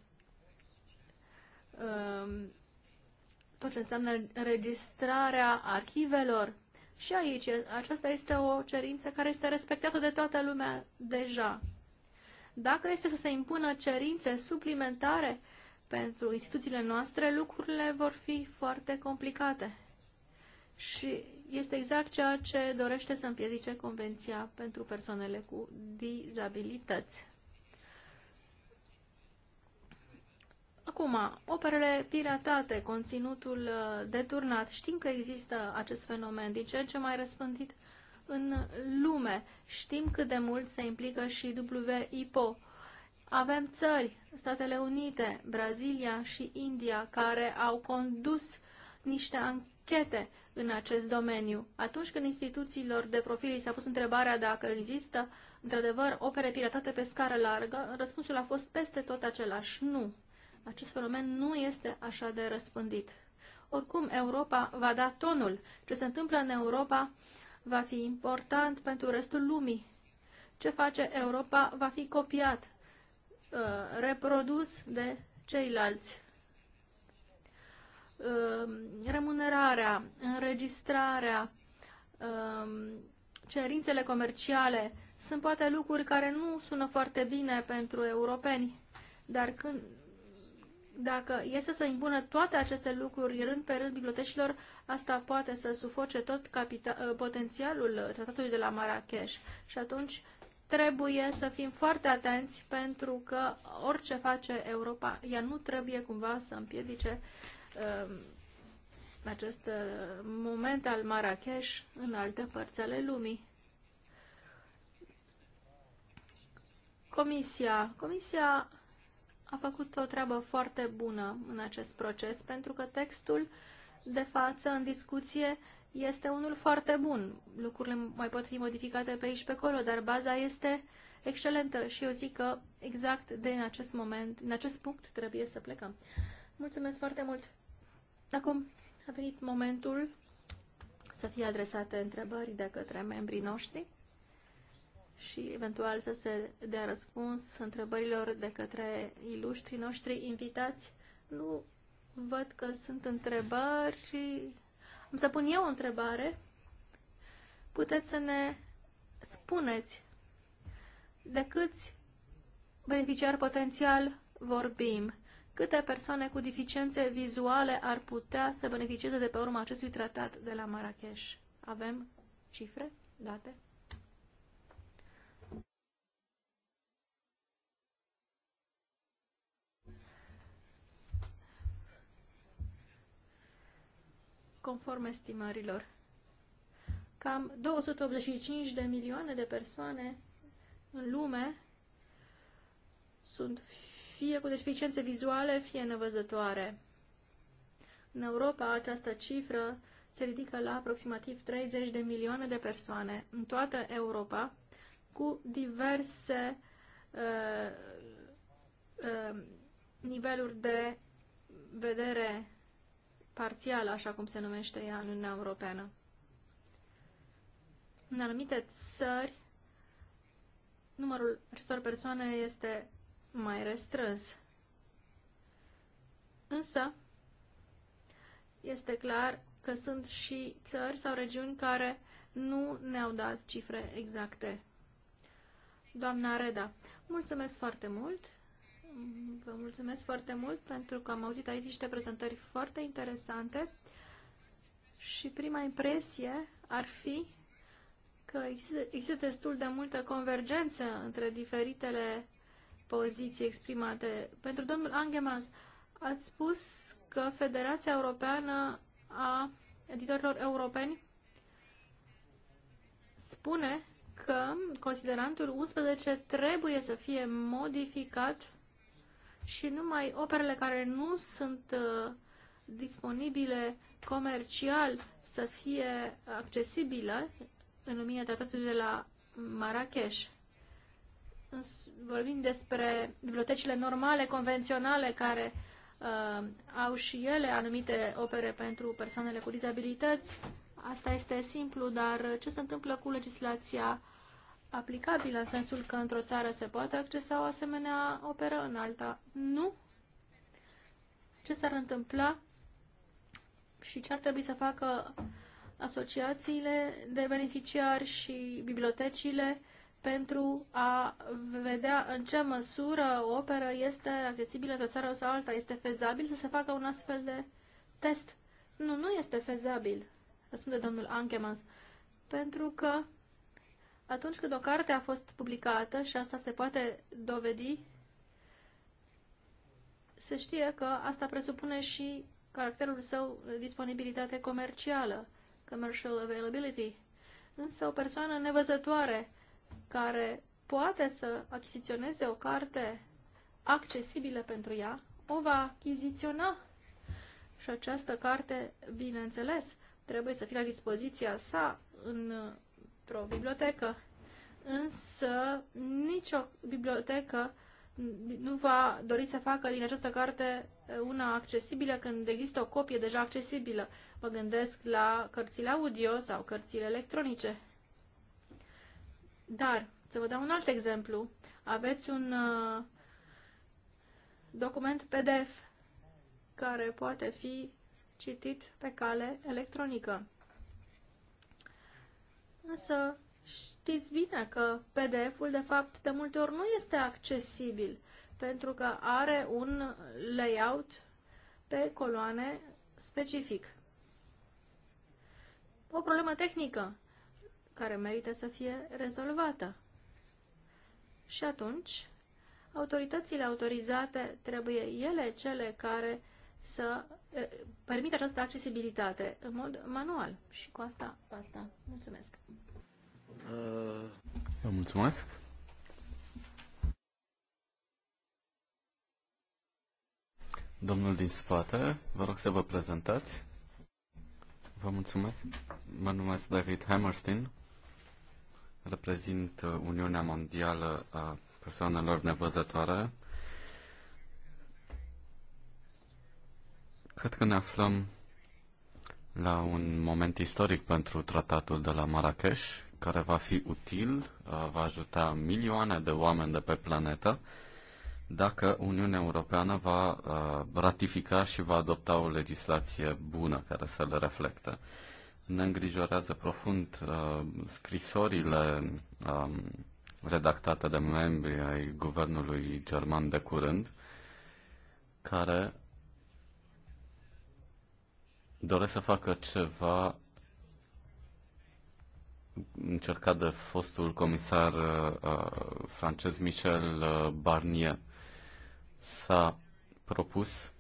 um, tot ce înseamnă înregistrarea arhivelor. Și aici, aceasta este o cerință care este respectată de toată lumea deja. Dacă este să se impună cerințe suplimentare pentru instituțiile noastre, lucrurile vor fi foarte complicate. Și este exact ceea ce dorește să împiedice Convenția pentru persoanele cu dizabilități. Acum, operele piratate, conținutul uh, deturnat, știm că există acest fenomen din ce în ce mai răspândit în lume. Știm cât de mult se implică și WIPO. Avem țări, Statele Unite, Brazilia și India, care au condus niște anchete în acest domeniu. Atunci când instituțiilor de profil s-a pus întrebarea dacă există, într-adevăr, opere piratate pe scară largă, răspunsul a fost peste tot același nu. Acest fenomen nu este așa de răspândit. Oricum, Europa va da tonul. Ce se întâmplă în Europa va fi important pentru restul lumii. Ce face Europa va fi copiat, uh, reprodus de ceilalți. Uh, remunerarea, înregistrarea, uh, cerințele comerciale sunt poate lucruri care nu sună foarte bine pentru europeni, dar când dacă este să impună toate aceste lucruri rând pe rând bibliotecilor, asta poate să sufoce tot capital, ă, potențialul tratatului de la Marrakesh. Și atunci trebuie să fim foarte atenți pentru că orice face Europa, ea nu trebuie cumva să împiedice uh, acest uh, moment al Marrakesh în alte părți ale lumii. Comisia. Comisia a făcut o treabă foarte bună în acest proces, pentru că textul de față, în discuție, este unul foarte bun. Lucrurile mai pot fi modificate pe aici pe acolo, dar baza este excelentă și eu zic că exact de în acest moment, în acest punct, trebuie să plecăm. Mulțumesc foarte mult! Acum a venit momentul să fie adresate întrebări de către membrii noștri și eventual să se dea răspuns întrebărilor de către iluștrii noștri invitați. Nu văd că sunt întrebări și am să pun eu o întrebare. Puteți să ne spuneți de câți beneficiari potențial vorbim? Câte persoane cu deficiențe vizuale ar putea să beneficieze de pe urma acestui tratat de la Marrakesh? Avem cifre, date? conform estimărilor. Cam 285 de milioane de persoane în lume sunt fie cu deficiențe vizuale, fie nevăzătoare. În Europa, această cifră se ridică la aproximativ 30 de milioane de persoane în toată Europa cu diverse uh, uh, niveluri de vedere parțială, așa cum se numește ea în Uniunea Europeană. În anumite țări, numărul acestor persoane este mai restrâns. Însă, este clar că sunt și țări sau regiuni care nu ne-au dat cifre exacte. Doamna Reda, mulțumesc foarte mult! Vă mulțumesc foarte mult pentru că am auzit aici niște prezentări foarte interesante și prima impresie ar fi că există destul de multă convergență între diferitele poziții exprimate. Pentru domnul Angemans, ați spus că Federația Europeană a Editorilor Europeni spune că considerantul 11 trebuie să fie modificat și numai operele care nu sunt uh, disponibile comercial să fie accesibile în lumina tratatului de la Marrakesh. Vorbim despre bibliotecile normale, convenționale, care uh, au și ele anumite opere pentru persoanele cu dizabilități. Asta este simplu, dar uh, ce se întâmplă cu legislația uh, aplicabil în sensul că într-o țară se poate accesa o asemenea operă, în alta nu? Ce s-ar întâmpla și ce ar trebui să facă asociațiile de beneficiari și bibliotecile pentru a vedea în ce măsură o operă este accesibilă într o țară sau alta. Este fezabil să se facă un astfel de test? Nu, nu este fezabil, răspunde domnul Ankemans, pentru că atunci când o carte a fost publicată, și asta se poate dovedi, se știe că asta presupune și caracterul său disponibilitate comercială, commercial availability. Însă o persoană nevăzătoare care poate să achiziționeze o carte accesibilă pentru ea, o va achiziționa. Și această carte, bineînțeles, trebuie să fie la dispoziția sa în pro bibliotecă. Însă nicio bibliotecă nu va dori să facă din această carte una accesibilă când există o copie deja accesibilă. Mă gândesc la cărțile audio sau cărțile electronice. Dar, să vă dau un alt exemplu. Aveți un uh, document PDF care poate fi citit pe cale electronică. Însă știți bine că PDF-ul de fapt de multe ori nu este accesibil pentru că are un layout pe coloane specific. O problemă tehnică care merită să fie rezolvată. Și atunci, autoritățile autorizate trebuie ele cele care să Eh, permite această accesibilitate în mod manual. Și cu asta, cu asta. Mulțumesc. Uh. Vă mulțumesc. Domnul din spate, vă rog să vă prezentați. Vă mulțumesc. Mă numesc David Hammerstein. Reprezint uh, Uniunea Mondială a Persoanelor Nevăzătoare Cred că ne aflăm la un moment istoric pentru tratatul de la Marrakesh, care va fi util, uh, va ajuta milioane de oameni de pe planetă dacă Uniunea Europeană va uh, ratifica și va adopta o legislație bună care să le reflecte. Ne îngrijorează profund uh, scrisorile um, redactate de membri ai guvernului german de curând, care doresc să facă ceva încercat de fostul comisar uh, uh francez Michel uh, Barnier. S-a propus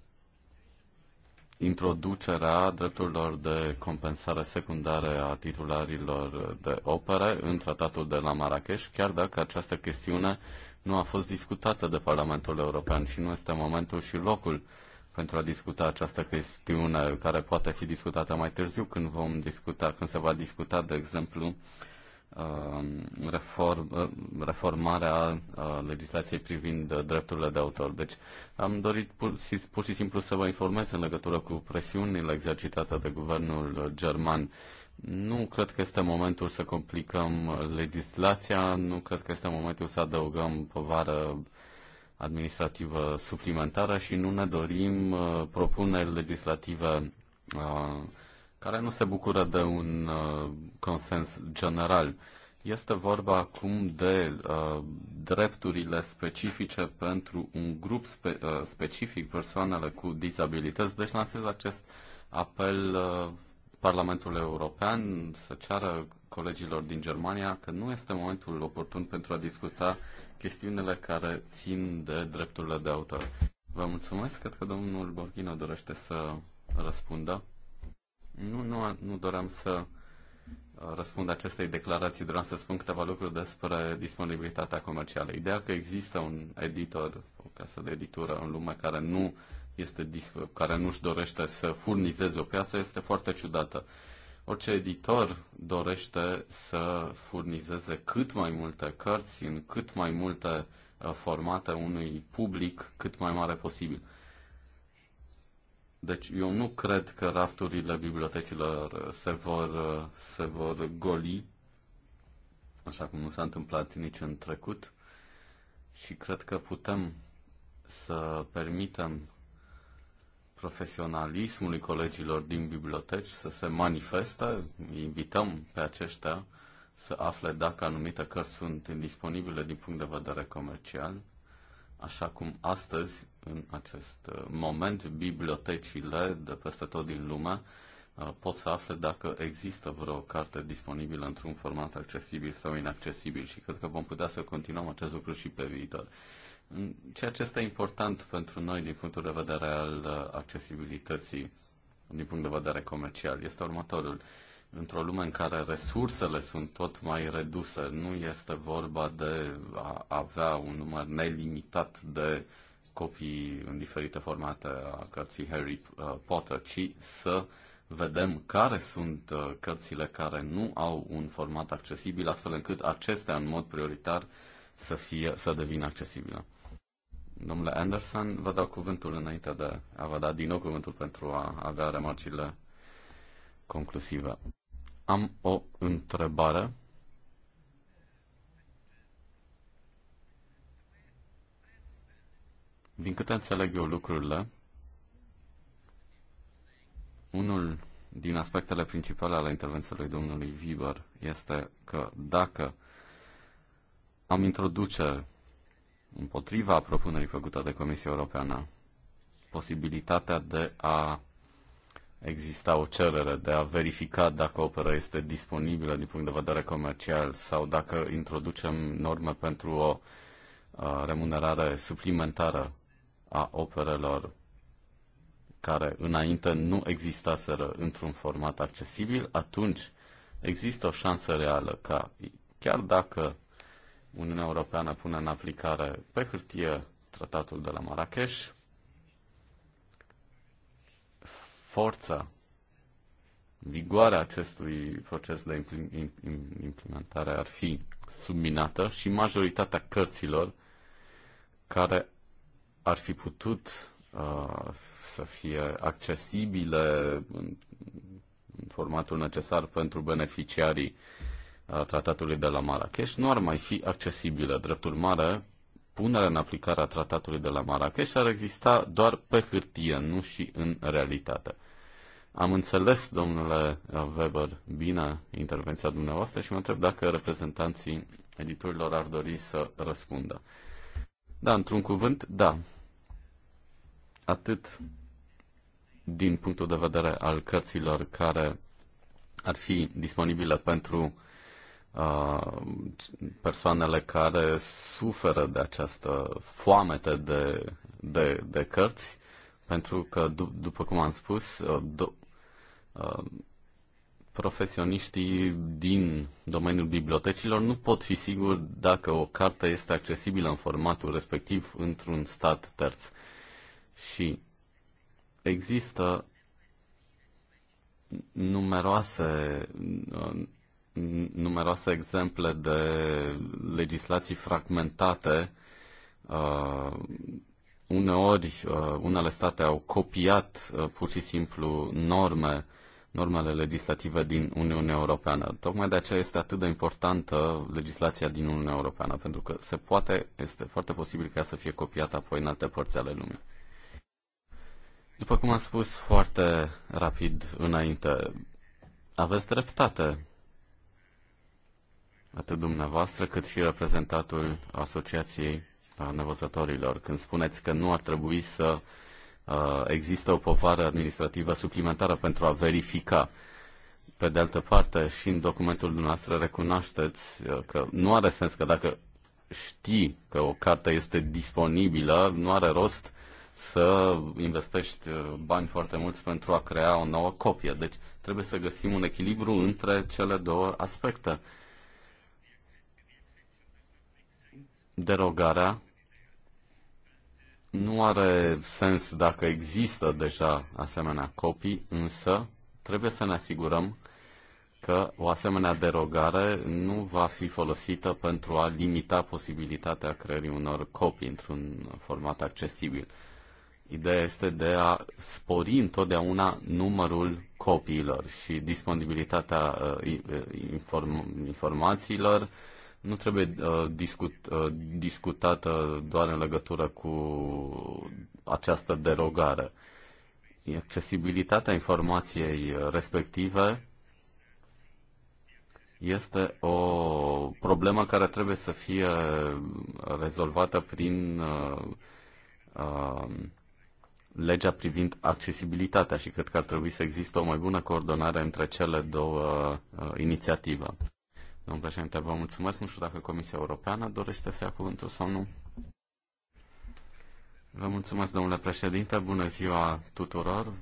introducerea drepturilor de compensare secundare a titularilor de opere în tratatul de la Marrakesh, chiar dacă această chestiune nu a fost discutată de Parlamentul European și nu este momentul și locul uh, pentru a discuta această chestiune care poate fi discutată mai târziu când vom discuta, când se va discuta, de exemplu, uh, reform, uh, reformarea uh, legislației privind drepturile de autor. Deci am dorit pur și, simplu să vă informez în legătură cu presiunile exercitate de guvernul german. Nu cred că este momentul să complicăm legislația, nu cred că este momentul să adăugăm povară administrativă suplimentară și nu ne dorim uh, propuneri legislative uh, care nu se bucură de un uh, consens general. Este vorba acum de uh, drepturile specifice pentru un grup spe, uh, specific, persoanele cu dizabilități. Deci lansez acest apel uh, Parlamentul European să ceară colegilor din Germania că nu este momentul oportun pentru a discuta chestiunile care țin de drepturile de autor. Vă mulțumesc. Cred că domnul Borghino dorește să răspundă. Nu, nu, nu doream să răspund acestei declarații, doream să spun câteva lucruri despre disponibilitatea comercială. Ideea că există un editor, o casă de editură în lume care nu este care nu-și dorește să furnizeze o piață este foarte ciudată. Orice editor dorește să furnizeze cât mai multe cărți în cât mai multe uh, formate unui public cât mai mare posibil. Deci eu nu cred că rafturile bibliotecilor uh, se vor, uh, se vor goli, așa cum nu s-a întâmplat nici în trecut, și cred că putem să permitem profesionalismului colegilor din biblioteci să se manifeste. Invităm pe aceștia să afle dacă anumite cărți sunt disponibile din punct de vedere comercial, așa cum astăzi, în acest uh, moment, bibliotecile de peste tot din lume uh, pot să afle dacă există vreo carte disponibilă într-un format accesibil sau inaccesibil și cred că vom putea să continuăm acest lucru și pe viitor ceea ce este important pentru noi din punctul de vedere al uh, accesibilității, din punct de vedere comercial, este următorul. Într-o lume în care resursele sunt tot mai reduse, nu este vorba de a avea un număr nelimitat de copii în diferite formate a cărții Harry uh, Potter, ci să vedem care sunt uh, cărțile care nu au un format accesibil, astfel încât acestea, în mod prioritar, să, fie, să devină accesibile. Domnule Anderson, vă dau cuvântul înainte de a vă da din nou cuvântul pentru a avea remarcile conclusive. Am o întrebare. Din câte înțeleg eu lucrurile, unul din aspectele principale ale intervenției domnului Viber este că dacă am introduce împotriva propunerii făcute de Comisia Europeană, posibilitatea de a exista o cerere de a verifica dacă opera este disponibilă din punct de vedere comercial sau dacă introducem norme pentru o remunerare suplimentară a operelor care înainte nu existaseră într-un format accesibil, atunci există o șansă reală ca, chiar dacă Uniunea Europeană pune în aplicare pe hârtie tratatul de la Marrakesh, forța, vigoarea acestui proces de implementare ar fi subminată și majoritatea cărților care ar fi putut uh, să fie accesibile în, în formatul necesar pentru beneficiarii uh, tratatului de la Marrakesh nu ar mai fi accesibilă. Drept urmare, punerea în aplicare a tratatului de la Marrakesh ar exista doar pe hârtie, nu și în realitate. Am înțeles, domnule Weber, bine intervenția dumneavoastră și mă întreb dacă reprezentanții editorilor ar dori să răspundă. Da, într-un cuvânt, da. Atât din punctul de vedere al cărților care ar fi disponibile pentru persoanele care suferă de această foamete de, de, de cărți, pentru că, după cum am spus, do, profesioniștii din domeniul bibliotecilor nu pot fi siguri dacă o carte este accesibilă în formatul respectiv într-un stat terț. Și există numeroase numeroase exemple de legislații fragmentate. Uh, uneori, uh, unele state au copiat uh, pur și simplu norme, normele legislative din Uniunea Europeană. Tocmai de aceea este atât de importantă legislația din Uniunea Europeană, pentru că se poate, este foarte posibil ca să fie copiată apoi în alte părți ale lumii. După cum am spus foarte rapid înainte, aveți dreptate atât dumneavoastră cât și reprezentatul Asociației Nevăzătorilor, când spuneți că nu ar trebui să uh, există o povară administrativă suplimentară pentru a verifica. Pe de altă parte, și în documentul dumneavoastră recunoașteți uh, că nu are sens că dacă știi că o carte este disponibilă, nu are rost să investești uh, bani foarte mulți pentru a crea o nouă copie. Deci trebuie să găsim un echilibru între cele două aspecte. derogarea nu are sens dacă există deja asemenea copii, însă trebuie să ne asigurăm că o asemenea derogare nu va fi folosită pentru a limita posibilitatea creării unor copii într-un format accesibil. Ideea este de a spori întotdeauna numărul copiilor și disponibilitatea uh, uh, inform- informațiilor nu trebuie uh, discut, uh, discutată doar în legătură cu această derogare. Accesibilitatea informației respective este o problemă care trebuie să fie rezolvată prin uh, uh, legea privind accesibilitatea și cred că ar trebui să existe o mai bună coordonare între cele două uh, inițiative. Domnul președinte, vă mulțumesc. Nu știu dacă Comisia Europeană dorește să ia cuvântul sau nu. Vă mulțumesc, domnule președinte. Bună ziua tuturor.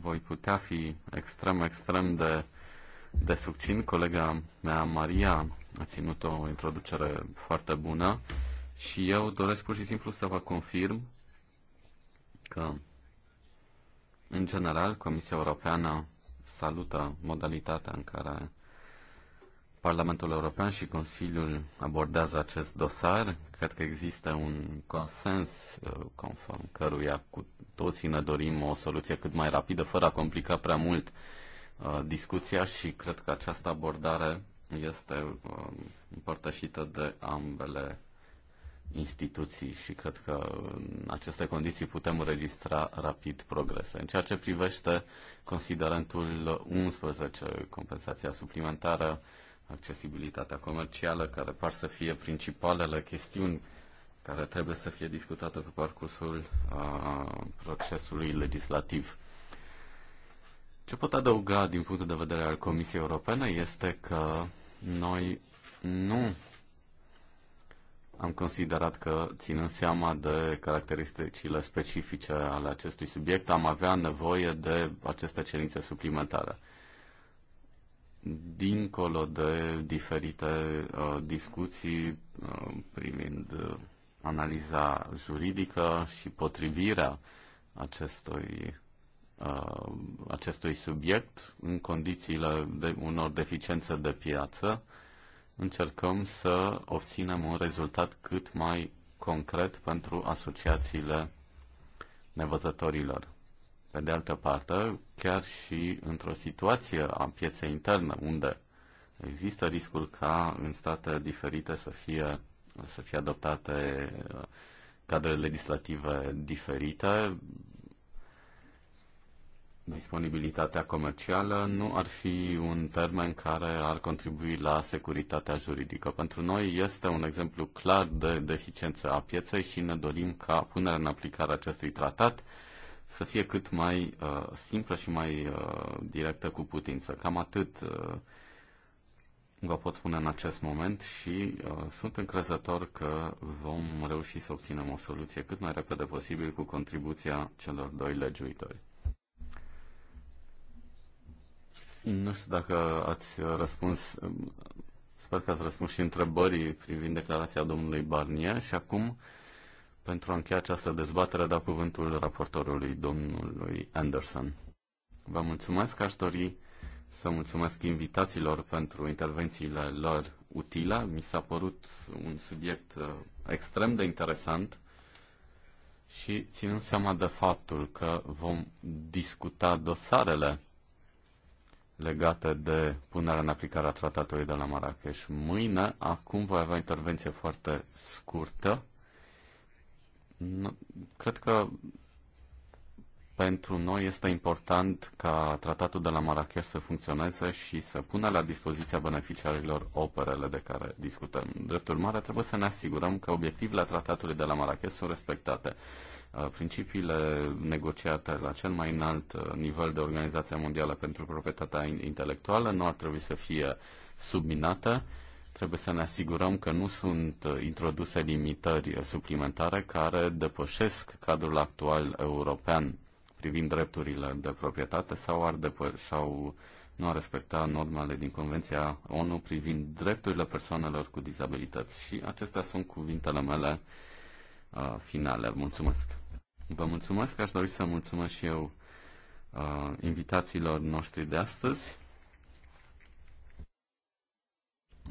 Voi putea fi extrem, extrem de, de succin. Colega mea, Maria, a ținut o introducere foarte bună și eu doresc pur și simplu să vă confirm că, în general, Comisia Europeană salută modalitatea în care Parlamentul European și Consiliul abordează acest dosar. Cred că există un consens uh, conform căruia cu toții ne dorim o soluție cât mai rapidă, fără a complica prea mult uh, discuția și cred că această abordare este um, împărtășită de ambele instituții și cred că în aceste condiții putem înregistra rapid progrese. În ceea ce privește considerentul 11, compensația suplimentară, accesibilitatea comercială, care par să fie principalele chestiuni care trebuie să fie discutate pe parcursul a, procesului legislativ. Ce pot adăuga din punctul de vedere al Comisiei Europene este că noi nu am considerat că, ținând seama de caracteristicile specifice ale acestui subiect, am avea nevoie de aceste cerințe suplimentare dincolo de diferite uh, discuții uh, privind uh, analiza juridică și potrivirea acestui, uh, acestui subiect în condițiile de unor deficiențe de piață, încercăm să obținem un rezultat cât mai concret pentru asociațiile nevăzătorilor. Pe de altă parte, chiar și într-o situație a pieței interne, unde există riscul ca în state diferite să fie, să fie adoptate uh, cadre legislative diferite, disponibilitatea comercială nu ar fi un termen care ar contribui la securitatea juridică. Pentru noi este un exemplu clar de deficiență a pieței și ne dorim ca punerea în aplicare acestui tratat să fie cât mai uh, simplă și mai uh, directă cu putință. Cam atât uh, vă pot spune în acest moment și uh, sunt încrezător că vom reuși să obținem o soluție cât mai repede posibil cu contribuția celor doi legiuitori. Nu știu dacă ați răspuns, sper că ați răspuns și întrebării privind declarația domnului Barnier și acum uh, pentru a încheia această dezbatere, dau cuvântul raportorului domnului Anderson. Vă mulțumesc, aș dori să mulțumesc invitațiilor pentru intervențiile lor utile. Mi s-a părut un subiect uh, extrem de interesant și ținând seama de faptul că vom discuta dosarele legate de punerea în aplicare a tratatului de la Marrakesh mâine, acum voi avea intervenție foarte scurtă cred că pentru noi este important ca tratatul de la Marrakech să funcționeze și să pună la dispoziția beneficiarilor operele de care discutăm. Drept urmare, trebuie să ne asigurăm că obiectivele tratatului de la Marrakech sunt respectate. Uh, principiile negociate la cel mai înalt uh, nivel de Organizația Mondială pentru Proprietatea Intelectuală nu ar trebui să fie subminate Trebuie să ne asigurăm că nu sunt uh, introduse limitări suplimentare care depășesc cadrul actual european privind drepturile de proprietate sau ar depă- sau nu ar respecta normele din Convenția ONU privind drepturile persoanelor cu dizabilități. Și acestea sunt cuvintele mele uh, finale. Mulțumesc! Vă mulțumesc, aș dori să mulțumesc și eu uh, invitațiilor noștri de astăzi.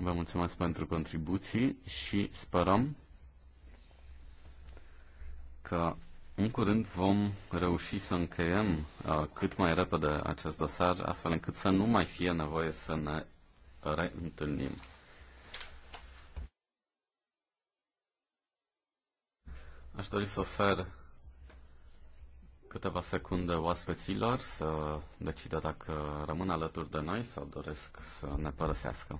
Vă mulțumesc pentru contribuții și sperăm că în curând vom reuși să încheiem uh, cât mai repede acest dosar, astfel încât să nu mai fie nevoie să ne reîntâlnim. Aș dori să ofer câteva secunde oaspeților să decidă dacă rămân alături de noi sau doresc să ne părăsească.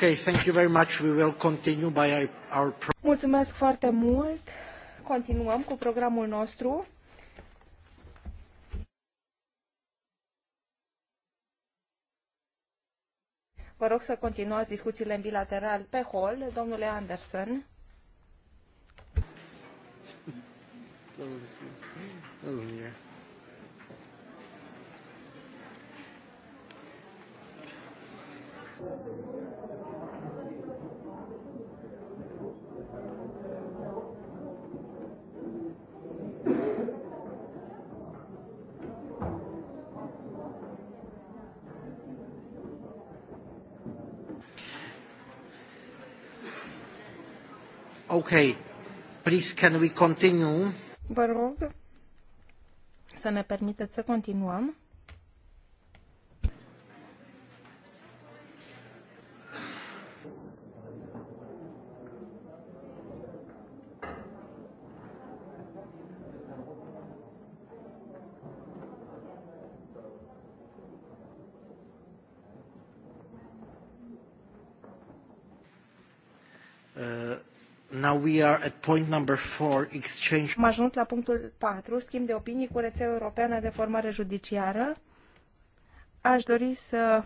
Okay, thank you very much. We will continue by our Mulțumesc foarte mult. Continuăm cu programul nostru. Vă rog să continuați discuțiile în bilateral pe hol. Domnule Anderson. Close Okay. Please, can we continue? Vă rog să ne permiteți să continuăm. Now we are at point number four, exchange. Am ajuns la punctul 4, schimb de opinii cu rețeaua europeană de formare judiciară. Aș dori să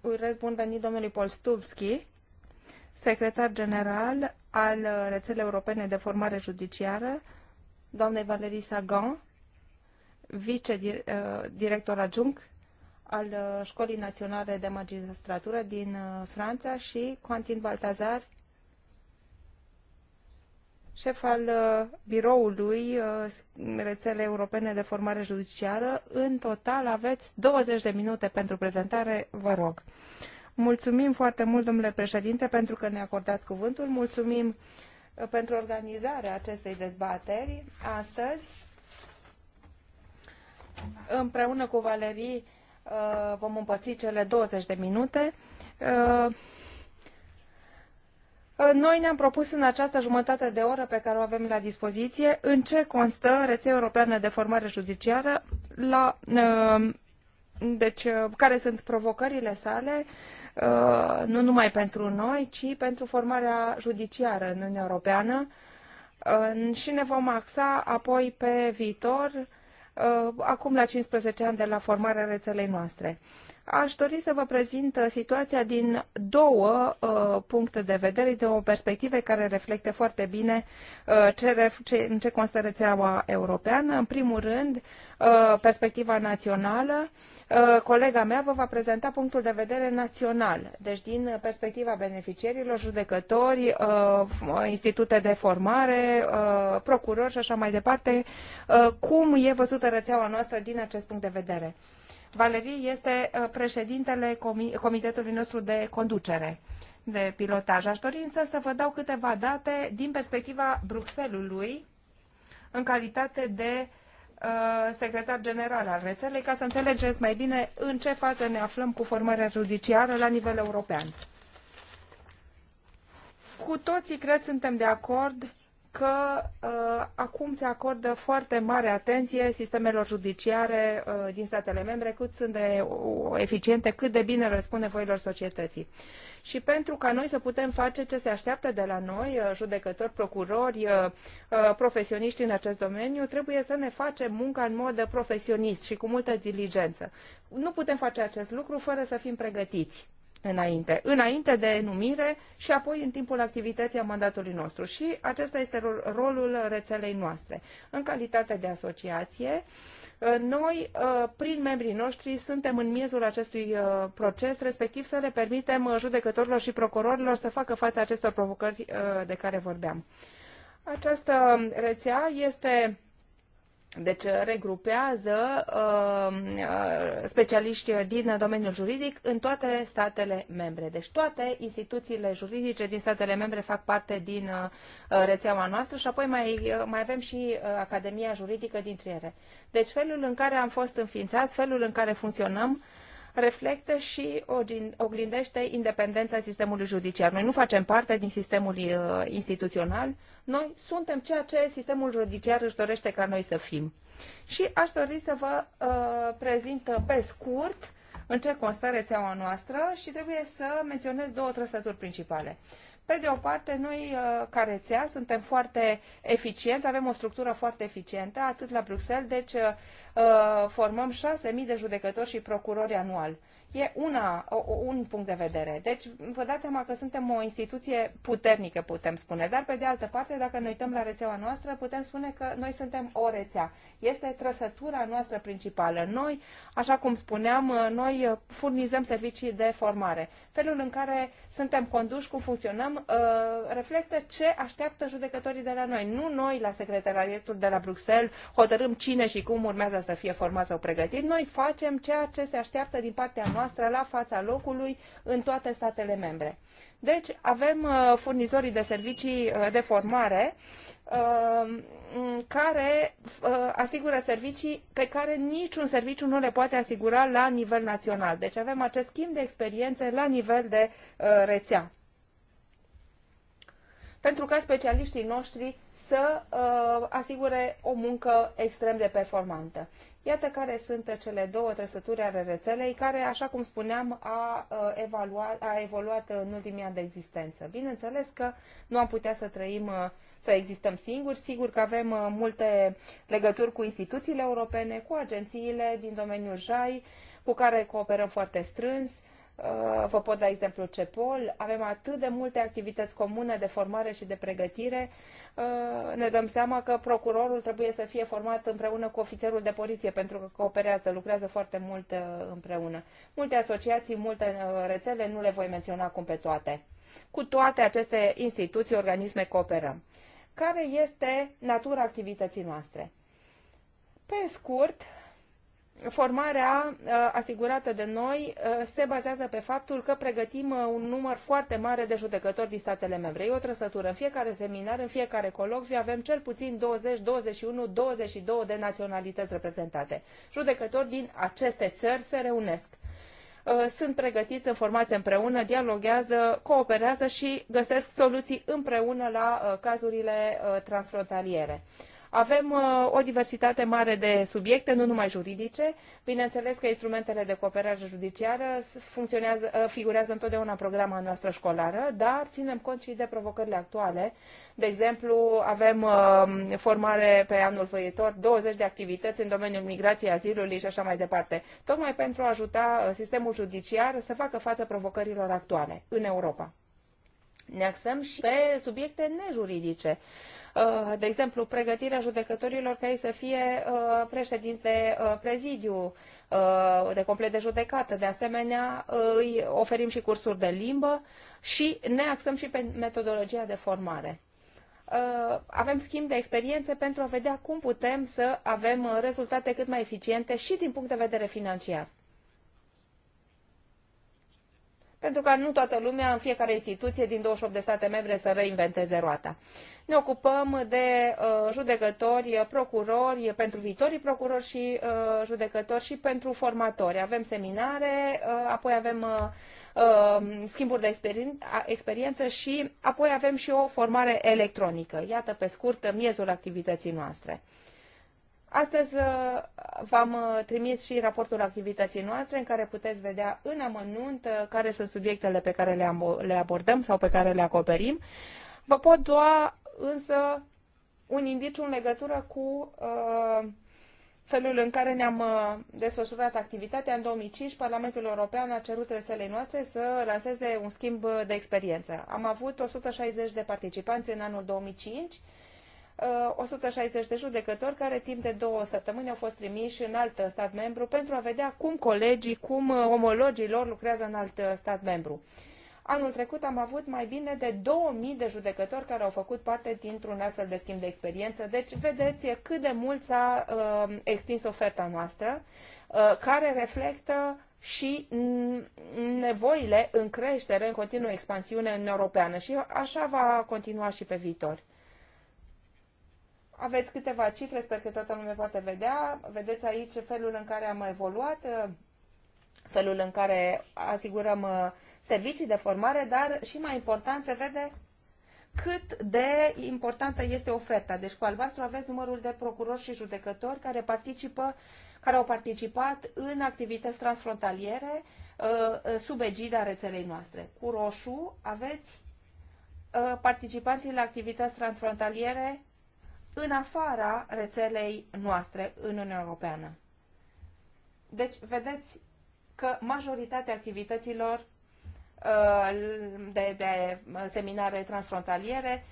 urez bun venit domnului Polstubski, secretar general al rețelei europene de formare judiciară, doamnei Valerie Sagan, vice-director eh, adjunct al eh, Școlii Naționale de Magistratură din eh, Franța și Quentin Baltazar, șef al uh, biroului uh, rețelei europene de formare judiciară. În total aveți 20 de minute pentru prezentare, vă rog. Mulțumim foarte mult, domnule președinte, pentru că ne acordați cuvântul. Mulțumim uh, pentru organizarea acestei dezbateri astăzi. Împreună cu Valerii vom împărți cele 20 de minute. Ă, noi ne-am propus în această jumătate de oră pe care o avem la dispoziție în ce constă rețeaua europeană de formare judiciară, la, ă, deci ă, care sunt provocările sale, nu numai pentru noi, ci pentru formarea judiciară în Uniunea Europeană și ne vom axa apoi pe viitor, acum la 15 ani de la formarea rețelei noastre. Aș dori să vă prezint uh, situația din două uh, puncte de vedere, de o perspective care reflectă foarte bine uh, ce, ce, în ce constă rețeaua europeană. În primul rând, uh, perspectiva națională. Uh, colega mea vă va prezenta punctul de vedere național, deci din perspectiva beneficiarilor, judecători, uh, institute de formare, uh, procurori și așa mai departe, uh, cum e văzută rețeaua noastră din acest punct de vedere. Uh, Valerie este uh, președintele comitetului nostru de conducere de pilotaj. Aș dori însă să vă dau câteva date din perspectiva Bruxelului în calitate de uh, secretar general al rețelei, ca să înțelegeți mai bine în ce fază ne aflăm cu formarea judiciară la nivel european. Cu toții, cred, suntem de acord că uh, acum se acordă foarte mare atenție sistemelor judiciare uh, din statele membre, cât sunt de uh, eficiente, cât de bine răspund nevoilor societății. Și pentru ca noi să putem face ce se așteaptă de la noi, uh, judecători, procurori, uh, uh, profesioniști în acest domeniu, trebuie să ne facem munca în mod profesionist și cu multă diligență. Nu putem face acest lucru fără să fim pregătiți înainte, înainte de numire și apoi în timpul activității a mandatului nostru. Și acesta este rolul rețelei noastre. În calitate de asociație, uh, noi, uh, prin membrii noștri, suntem în miezul acestui uh, proces, respectiv să le permitem judecătorilor și procurorilor să facă față acestor provocări de care vorbeam. Această rețea este deci uh, regrupează uh, uh, specialiști din domeniul juridic în toate statele membre. Deci toate instituțiile juridice din statele membre fac parte din uh, uh rețeaua noastră și apoi mai, uh, mai avem și Academia Juridică din Triere. Deci felul în care am fost înființați, felul în care funcționăm, reflectă și oglindește independența sistemului judiciar. Noi nu facem parte din sistemul instituțional, noi suntem ceea ce sistemul judiciar își dorește ca noi să fim. Și aș dori să vă uh, prezint pe scurt în ce constă rețeaua noastră și trebuie să menționez două trăsături principale. Pe de o parte, noi uh, ca rețea suntem foarte eficienți, avem o structură foarte eficientă, atât la Bruxelles, deci uh, formăm 6.000 de judecători și procurori anual. E una, o, un punct de vedere. Deci, vă dați seama că suntem o instituție puternică, putem spune. Dar, pe de altă parte, dacă ne uităm la rețeaua noastră, putem spune că noi suntem o rețea. Este trăsătura noastră principală. Noi, așa cum spuneam, noi furnizăm servicii de formare. Felul în care suntem conduși, cum funcționăm, ă, reflectă ce așteaptă judecătorii de la noi. Nu noi, la secretariatul de la Bruxelles, hotărâm cine și cum urmează să fie format sau pregătit. Noi facem ceea ce se așteaptă din partea noastră noastră la fața locului în toate statele membre. Deci avem uh, furnizorii de servicii uh, de formare uh, care asigură servicii pe care niciun serviciu nu le poate asigura la nivel național. Deci avem acest schimb de experiențe la nivel de rețea. Pentru ca specialiștii noștri să asigure o muncă extrem de performantă. Iată care sunt cele două trăsături ale rețelei care, așa cum spuneam, a, evaluat, a evoluat în ultimii ani de existență. Bineînțeles că nu am putea să trăim, să existăm singuri. Sigur că avem multe legături cu instituțiile europene, cu agențiile din domeniul JAI, cu care cooperăm foarte strâns. Vă pot da exemplu CEPOL. Avem atât de multe activități comune de formare și de pregătire Uh, ne dăm seama că procurorul trebuie să fie format împreună cu ofițerul de poliție pentru că cooperează, lucrează foarte mult uh, împreună. Multe asociații, multe uh, rețele, nu le voi menționa acum pe toate. Cu toate aceste instituții, organisme cooperăm. Care este natura activității noastre? Pe scurt, formarea uh, asigurată de noi uh, se bazează pe faptul că pregătim uh, un număr foarte mare de judecători din statele membre. E o trăsătură. În fiecare seminar, în fiecare colocviu avem cel puțin 20, 21, 22 de naționalități reprezentate. Judecători din aceste țări se reunesc sunt pregătiți în formație împreună, dialoguează, cooperează și găsesc soluții împreună la cazurile transfrontaliere. Avem uh, o diversitate mare de subiecte, nu numai juridice. Bineînțeles că instrumentele de cooperare judiciară funcționează, uh, figurează întotdeauna programa noastră școlară, dar ținem cont și de provocările actuale. De exemplu, avem uh, formare pe anul viitor 20 de activități în domeniul migrației, azilului și așa mai departe, tocmai pentru a ajuta sistemul judiciar să facă față provocărilor actuale în Europa. Ne axăm și pe subiecte nejuridice Uh, de exemplu, pregătirea judecătorilor ca ei să fie uh, președinți de uh, prezidiu, de complet de judecată. De asemenea, îi oferim și cursuri de limbă și ne axăm și pe metodologia de formare avem schimb de experiențe pentru a vedea cum putem să avem rezultate cât mai eficiente și din punct de vedere financiar pentru ca nu toată lumea în fiecare instituție din 28 de state membre să reinventeze roata. Ne ocupăm de uh, judecători, procurori, pentru viitorii procurori și uh, judecători și pentru formatori. Avem seminare, uh, apoi avem uh, uh schimburi de experien- experiență și apoi avem și o formare electronică. Iată pe scurt miezul activității noastre. Astăzi uh, v-am uh, trimis și raportul activității noastre în care puteți vedea în amănunt uh, care sunt subiectele pe care le, abordăm sau pe care le acoperim. Vă pot doa însă un indiciu în legătură cu felul în care ne-am desfășurat activitatea. În 2005, Parlamentul European a cerut rețelei noastre să lanseze un schimb de experiență. Am avut 160 de participanți în anul 2005 160 uh, de judecători care timp de două săptămâni au fost trimiși în alt stat membru pentru a vedea cum colegii, cum uh, omologii lor lucrează în alt uh, stat membru. Anul trecut am avut mai bine de 2000 de judecători care au făcut parte dintr-un astfel de schimb de experiență. Deci vedeți cât de mult s-a uh, extins oferta noastră, uh, care reflectă și nevoile în creștere, în continuă expansiune în europeană. Și așa va continua și pe viitor. Aveți câteva cifre, sper că toată lumea poate vedea. Vedeți aici felul în care am evoluat, felul în care asigurăm uh, servicii de formare, dar și mai important se vede cât de importantă este oferta. Deci cu albastru aveți numărul de procurori și judecători care participă care au participat în activități transfrontaliere uh, sub egida rețelei noastre. Cu roșu aveți uh, participanții la activități transfrontaliere în afara rețelei noastre în Uniunea Europeană. Deci, vedeți că majoritatea activităților uh, de, de uh, seminare transfrontaliere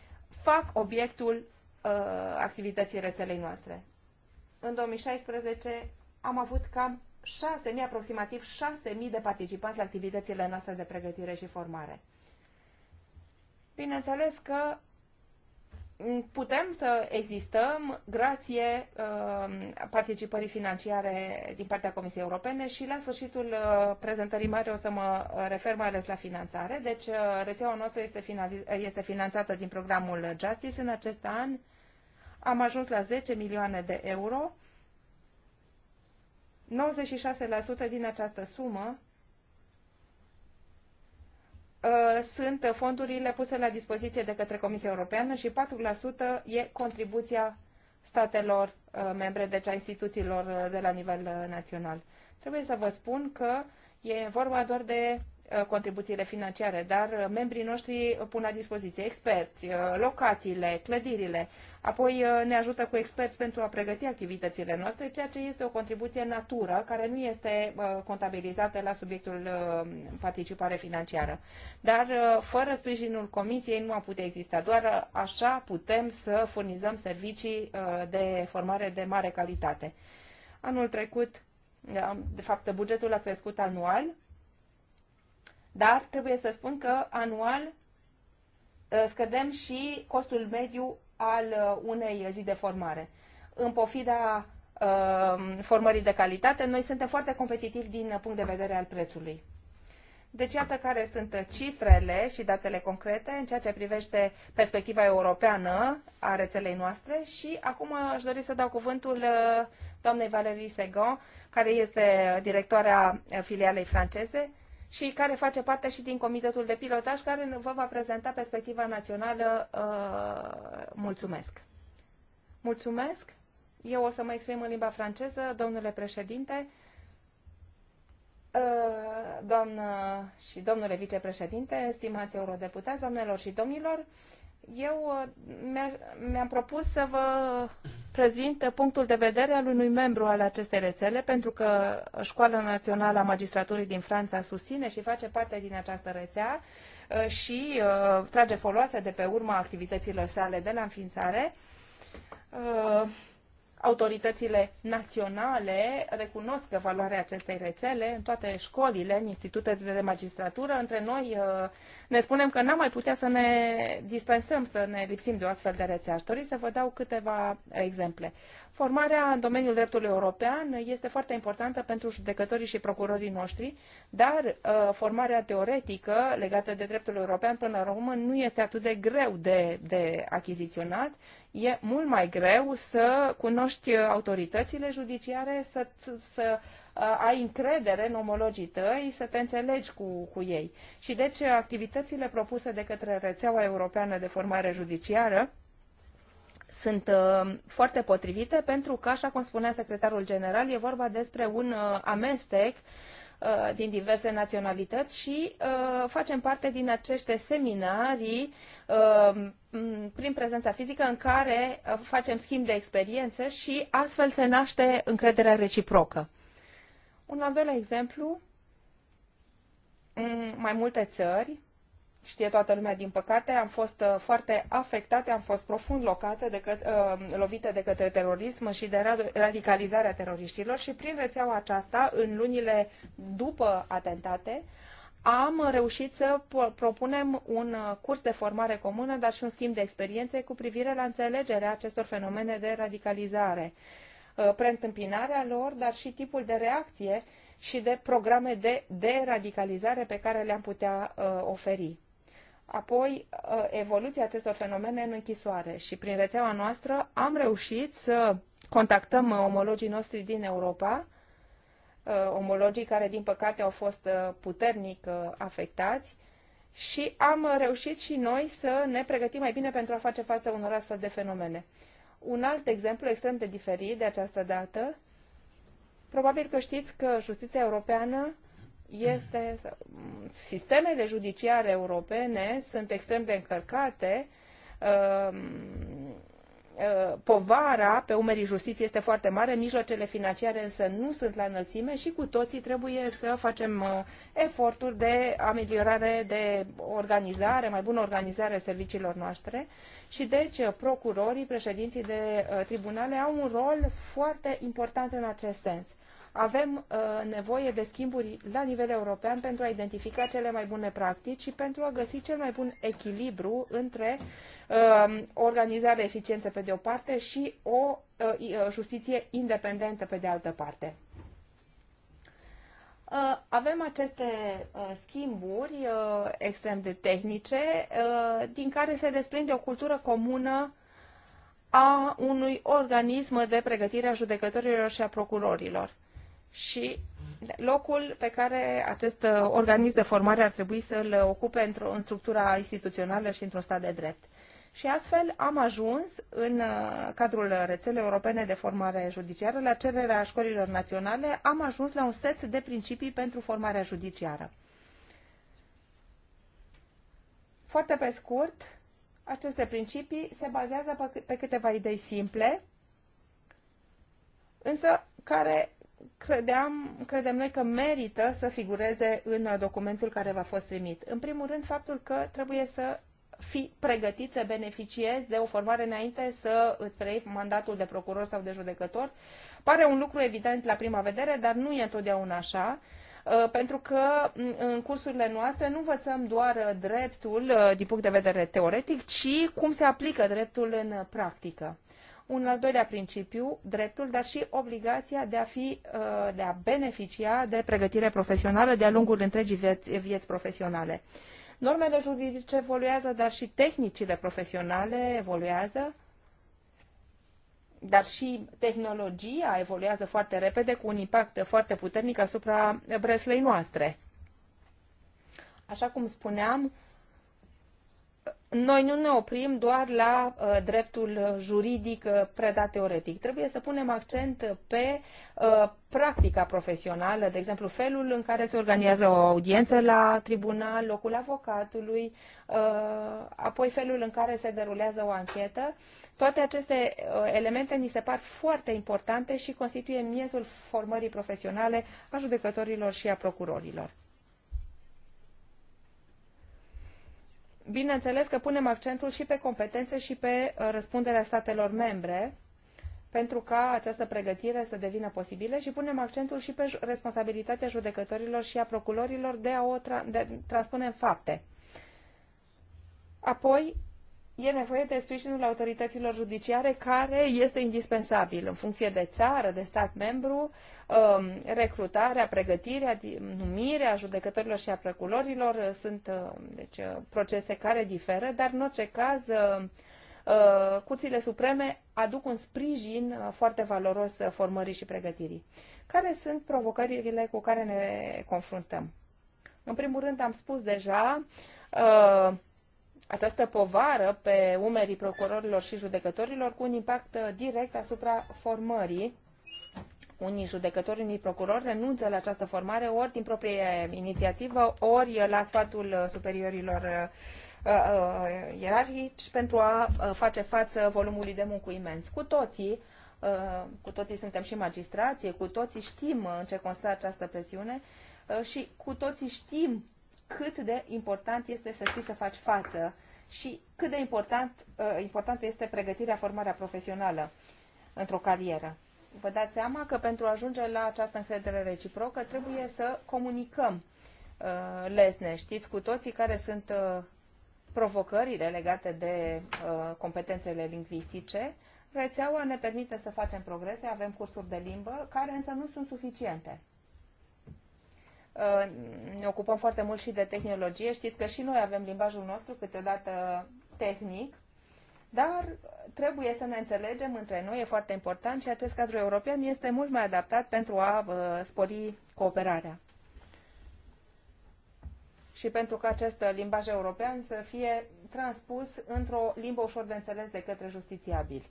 fac obiectul uh, activității rețelei noastre. În 2016 am avut cam 6.000, aproximativ 6.000 de participanți la activitățile noastre de pregătire și formare. Bineînțeles că putem să existăm grație um, participării financiare din partea Comisiei Europene și la sfârșitul uh, prezentării mari o să mă refer mai ales la finanțare. Deci uh, rețeaua noastră este, este finanțată din programul Justice. În acest an am ajuns la 10 milioane de euro. 96% din această sumă Uh, sunt fondurile puse la dispoziție de către Comisia Europeană și 4% e contribuția statelor uh, membre, deci a instituțiilor uh, de la nivel național. Trebuie să vă spun că e vorba doar de Uh, contribuțiile financiare, dar uh, membrii noștri pun la dispoziție experți, uh, locațiile, clădirile, apoi ne ajută cu experți pentru a pregăti activitățile noastre, ceea ce este o contribuție natură care nu este contabilizată la subiectul participare financiară. Dar fără sprijinul comisiei nu a putea exista, doar așa putem să furnizăm servicii de formare de mare calitate. Anul trecut, de fapt, bugetul a crescut anual dar trebuie să spun că anual uh, scădem și costul mediu al uh, unei zi de formare. În pofida uh, formării de calitate, noi suntem foarte competitivi din punct de vedere al prețului. Deci iată care sunt cifrele și datele concrete în ceea ce privește perspectiva europeană a rețelei noastre și acum aș dori să dau cuvântul doamnei Valerie Segon, care este directoarea filialei franceze și care face parte și din comitetul de pilotaj care vă va prezenta perspectiva națională. Uh, mulțumesc! Mulțumesc! Eu o să mă exprim în limba franceză, domnule președinte, uh, doamnă și domnule vicepreședinte, stimați eurodeputați, doamnelor și domnilor eu uh, mi-am propus să vă prezint punctul de vedere al unui membru al acestei rețele, pentru că Școala Națională a Magistraturii din Franța susține și face parte din această rețea uh, și uh, trage foloase de pe urma activităților sale de la înființare autoritățile naționale recunosc valoarea acestei rețele în toate școlile, în institutele de magistratură. Între noi uh, ne spunem că n-am mai putea să ne dispensăm, să ne lipsim de o astfel de rețea. Aș dori să vă dau câteva exemple. Formarea în domeniul dreptului european este foarte importantă pentru judecătorii și procurorii noștri, dar uh, formarea teoretică legată de dreptul european până la urmă nu este atât de greu de, de achiziționat. E mult mai greu să cunoști autoritățile judiciare, să, să uh, ai încredere în omologii tăi, să te înțelegi cu, cu ei. Și deci activitățile propuse de către rețeaua europeană de formare judiciară sunt uh, foarte potrivite pentru că, așa cum spunea secretarul general, e vorba despre un uh, amestec uh, din diverse naționalități și uh, facem parte din aceste seminarii uh, prin prezența fizică în care facem schimb de experiențe și astfel se naște încrederea reciprocă. Un al doilea exemplu, mai multe țări știe toată lumea, din păcate, am fost uh, foarte afectate, am fost profund locate de uh, lovite de către terorism și de radicalizarea teroriștilor și prin rețeaua aceasta, în lunile după atentate, am reușit să propunem un uh, curs de formare comună, dar și un schimb de experiențe cu privire la înțelegerea acestor fenomene de radicalizare, preîntâmpinarea lor, dar și tipul de reacție și de programe de deradicalizare pe care le-am putea oferi apoi uh, evoluția acestor fenomene în închisoare. Și prin rețeaua noastră am reușit să contactăm uh, omologii noștri din Europa, uh, omologii care, din păcate, au fost puternic afectați și am reușit și noi să ne pregătim mai bine pentru a face față unor astfel de fenomene. Un alt exemplu extrem de diferit de această dată, probabil că știți că justiția europeană este sistemele judiciare europene sunt extrem de încărcate um, uh, povara pe umerii justiției este foarte mare, mijloacele financiare însă nu sunt la înălțime și cu toții trebuie să facem uh, eforturi de ameliorare, de organizare, mai bună organizare a serviciilor noastre și deci uh, procurorii, președinții de tribunale au un rol foarte important în acest sens. Avem uh, nevoie de schimburi la nivel european pentru a identifica cele mai bune practici și pentru a găsi cel mai bun echilibru între uh, organizare eficiență pe de o parte și o uh, uh, justiție independentă pe de altă parte. Avem aceste schimburi extrem de tehnice, din care se desprinde o cultură comună a unui organism de pregătire a judecătorilor și a procurorilor și locul pe care acest uh, organism de formare ar trebui să-l ocupe într-o, în structura instituțională și într-un stat de drept. Și astfel am ajuns în uh, cadrul rețelei europene de formare judiciară, la cererea școlilor naționale, am ajuns la un set de principii pentru formarea judiciară. Foarte pe scurt, aceste principii se bazează pe câteva idei simple, însă care credeam, credem noi că merită să figureze în documentul care v-a fost trimit. În primul rând, faptul că trebuie să fii pregătit să beneficiezi de o formare înainte să îți preiei mandatul de procuror sau de judecător. Pare un lucru evident la prima vedere, dar nu e întotdeauna așa, uh, pentru că mm, în cursurile noastre nu învățăm doar dreptul uh, din punct de vedere teoretic, ci cum se aplică dreptul în practică un al doilea principiu, dreptul, dar și obligația de a, fi, uh, de a beneficia de pregătire profesională de-a lungul întregii vieți, vieți profesionale. Normele juridice evoluează, dar și tehnicile profesionale evoluează, dar și tehnologia evoluează foarte repede cu un impact foarte puternic asupra breslei noastre. Așa cum spuneam, noi nu ne oprim doar la uh, dreptul juridic uh, predat teoretic. Trebuie să punem accent pe uh, practica profesională, de exemplu, felul în care se organizează o audiență la tribunal, locul avocatului, uh, apoi felul în care se derulează o anchetă. Toate aceste uh, elemente ni se par foarte importante și constituie miezul formării profesionale a judecătorilor și a procurorilor. bineîneles că punem accentul și pe competențe și pe uh, răspunderea statelor membre pentru ca această pregătire să devină posibilă și punem accentul și pe responsabilitatea judecătorilor și a procurorilor de a o tra- de transpune în fapte. Apoi, e nevoie de sprijinul autorităților judiciare care este indispensabil în funcție de țară, de stat membru, um, recrutarea, pregătirea, numirea judecătorilor și a procurorilor uh, sunt uh, deci, uh, procese care diferă, dar în orice caz curțile supreme aduc un sprijin foarte valoros formării și pregătirii. Care sunt provocările cu care ne confruntăm? În primul rând am spus deja, această povară pe umerii procurorilor și judecătorilor cu un impact direct asupra formării. Unii judecători, unii procurori renunță la această formare ori din proprie inițiativă, ori la sfatul superiorilor uh, uh, ierarhici pentru a uh, face față volumului de muncă imens. Cu toții, cu toții suntem și magistrații, cu toții știm în ce constă această presiune și cu toții știm cât de important este să știi să faci față și cât de important, uh, importantă este pregătirea, formarea profesională într-o carieră. Vă dați seama că pentru a ajunge la această încredere reciprocă trebuie să comunicăm uh, lesne. Știți cu toții care sunt uh, provocările legate de uh, competențele lingvistice. Rețeaua ne permite să facem progrese, avem cursuri de limbă care însă nu sunt suficiente. Uh, ne ocupăm foarte mult și de tehnologie. Știți că și noi avem limbajul nostru câteodată tehnic, dar trebuie să ne înțelegem între noi, e foarte important și acest cadru european este mult mai adaptat pentru a uh, spori cooperarea. Și pentru că acest limbaj european să fie transpus într-o limbă ușor de înțeles de către justițiabili.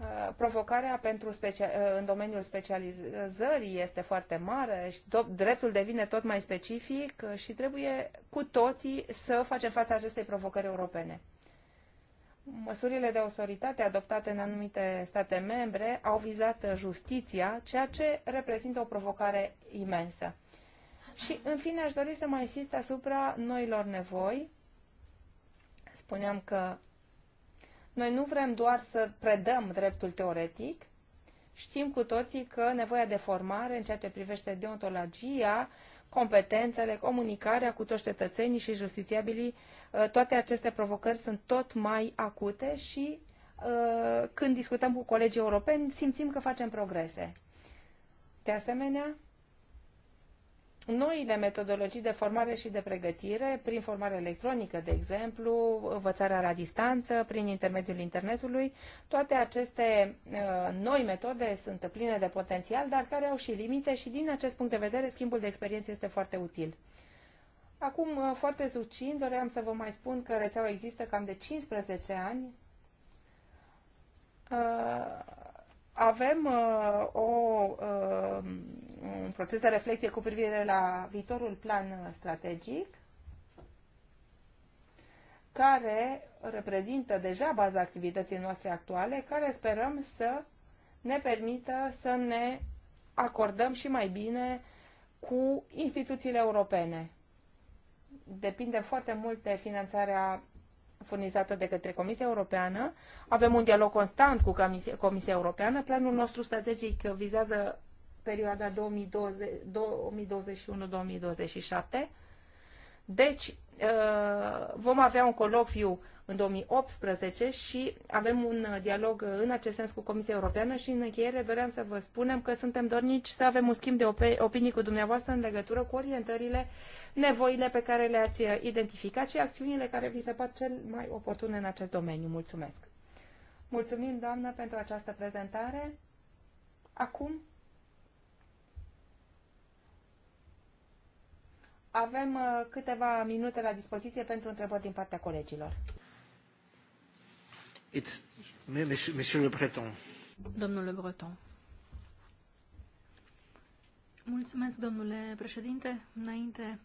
Uh, provocarea pentru specia- uh, în domeniul specializării este foarte mare și do- dreptul devine tot mai specific și trebuie cu toții să facem față acestei provocări europene. Măsurile de autoritate adoptate în anumite state membre au vizat justiția, ceea ce reprezintă o provocare imensă. Și, în fine, aș dori să mai insist asupra noilor nevoi. Spuneam că noi nu vrem doar să predăm dreptul teoretic, știm cu toții că nevoia de formare în ceea ce privește deontologia, competențele, comunicarea cu toți cetățenii și justițiabilii, uh, toate aceste provocări sunt tot mai acute și uh, când discutăm cu colegii europeni, simțim că facem progrese. De asemenea, noile metodologii de formare și de pregătire, prin formare electronică, de exemplu, învățarea la distanță, prin intermediul internetului, toate aceste uh, noi metode sunt pline de potențial, dar care au și limite și din acest punct de vedere schimbul de experiență este foarte util. Acum, uh, foarte succint, doream să vă mai spun că rețeaua există cam de 15 ani. Uh, avem uh, o, uh, un proces de reflexie cu privire la viitorul plan strategic care reprezintă deja baza activității noastre actuale, care sperăm să ne permită să ne acordăm și mai bine cu instituțiile europene. Depinde foarte mult de finanțarea furnizată de către Comisia Europeană. Avem un dialog constant cu Comisia, Comisia Europeană. Planul nostru strategic vizează perioada 2021-2027 deci, uh, vom avea un colocviu în 2018 și avem un uh, dialog uh, în acest sens cu Comisia Europeană și în încheiere doream să vă spunem că suntem dornici să avem un schimb de opinii cu dumneavoastră în legătură cu orientările, nevoile pe care le-ați identificat și acțiunile care vi se par cel mai oportune în acest domeniu. Mulțumesc! Mulțumim, doamnă, pentru această prezentare. Acum Avem uh, câteva minute la dispoziție pentru întrebări din partea colegilor. It's, monsieur, Le Breton. Domnule Breton. Mulțumesc, domnule președinte. Înainte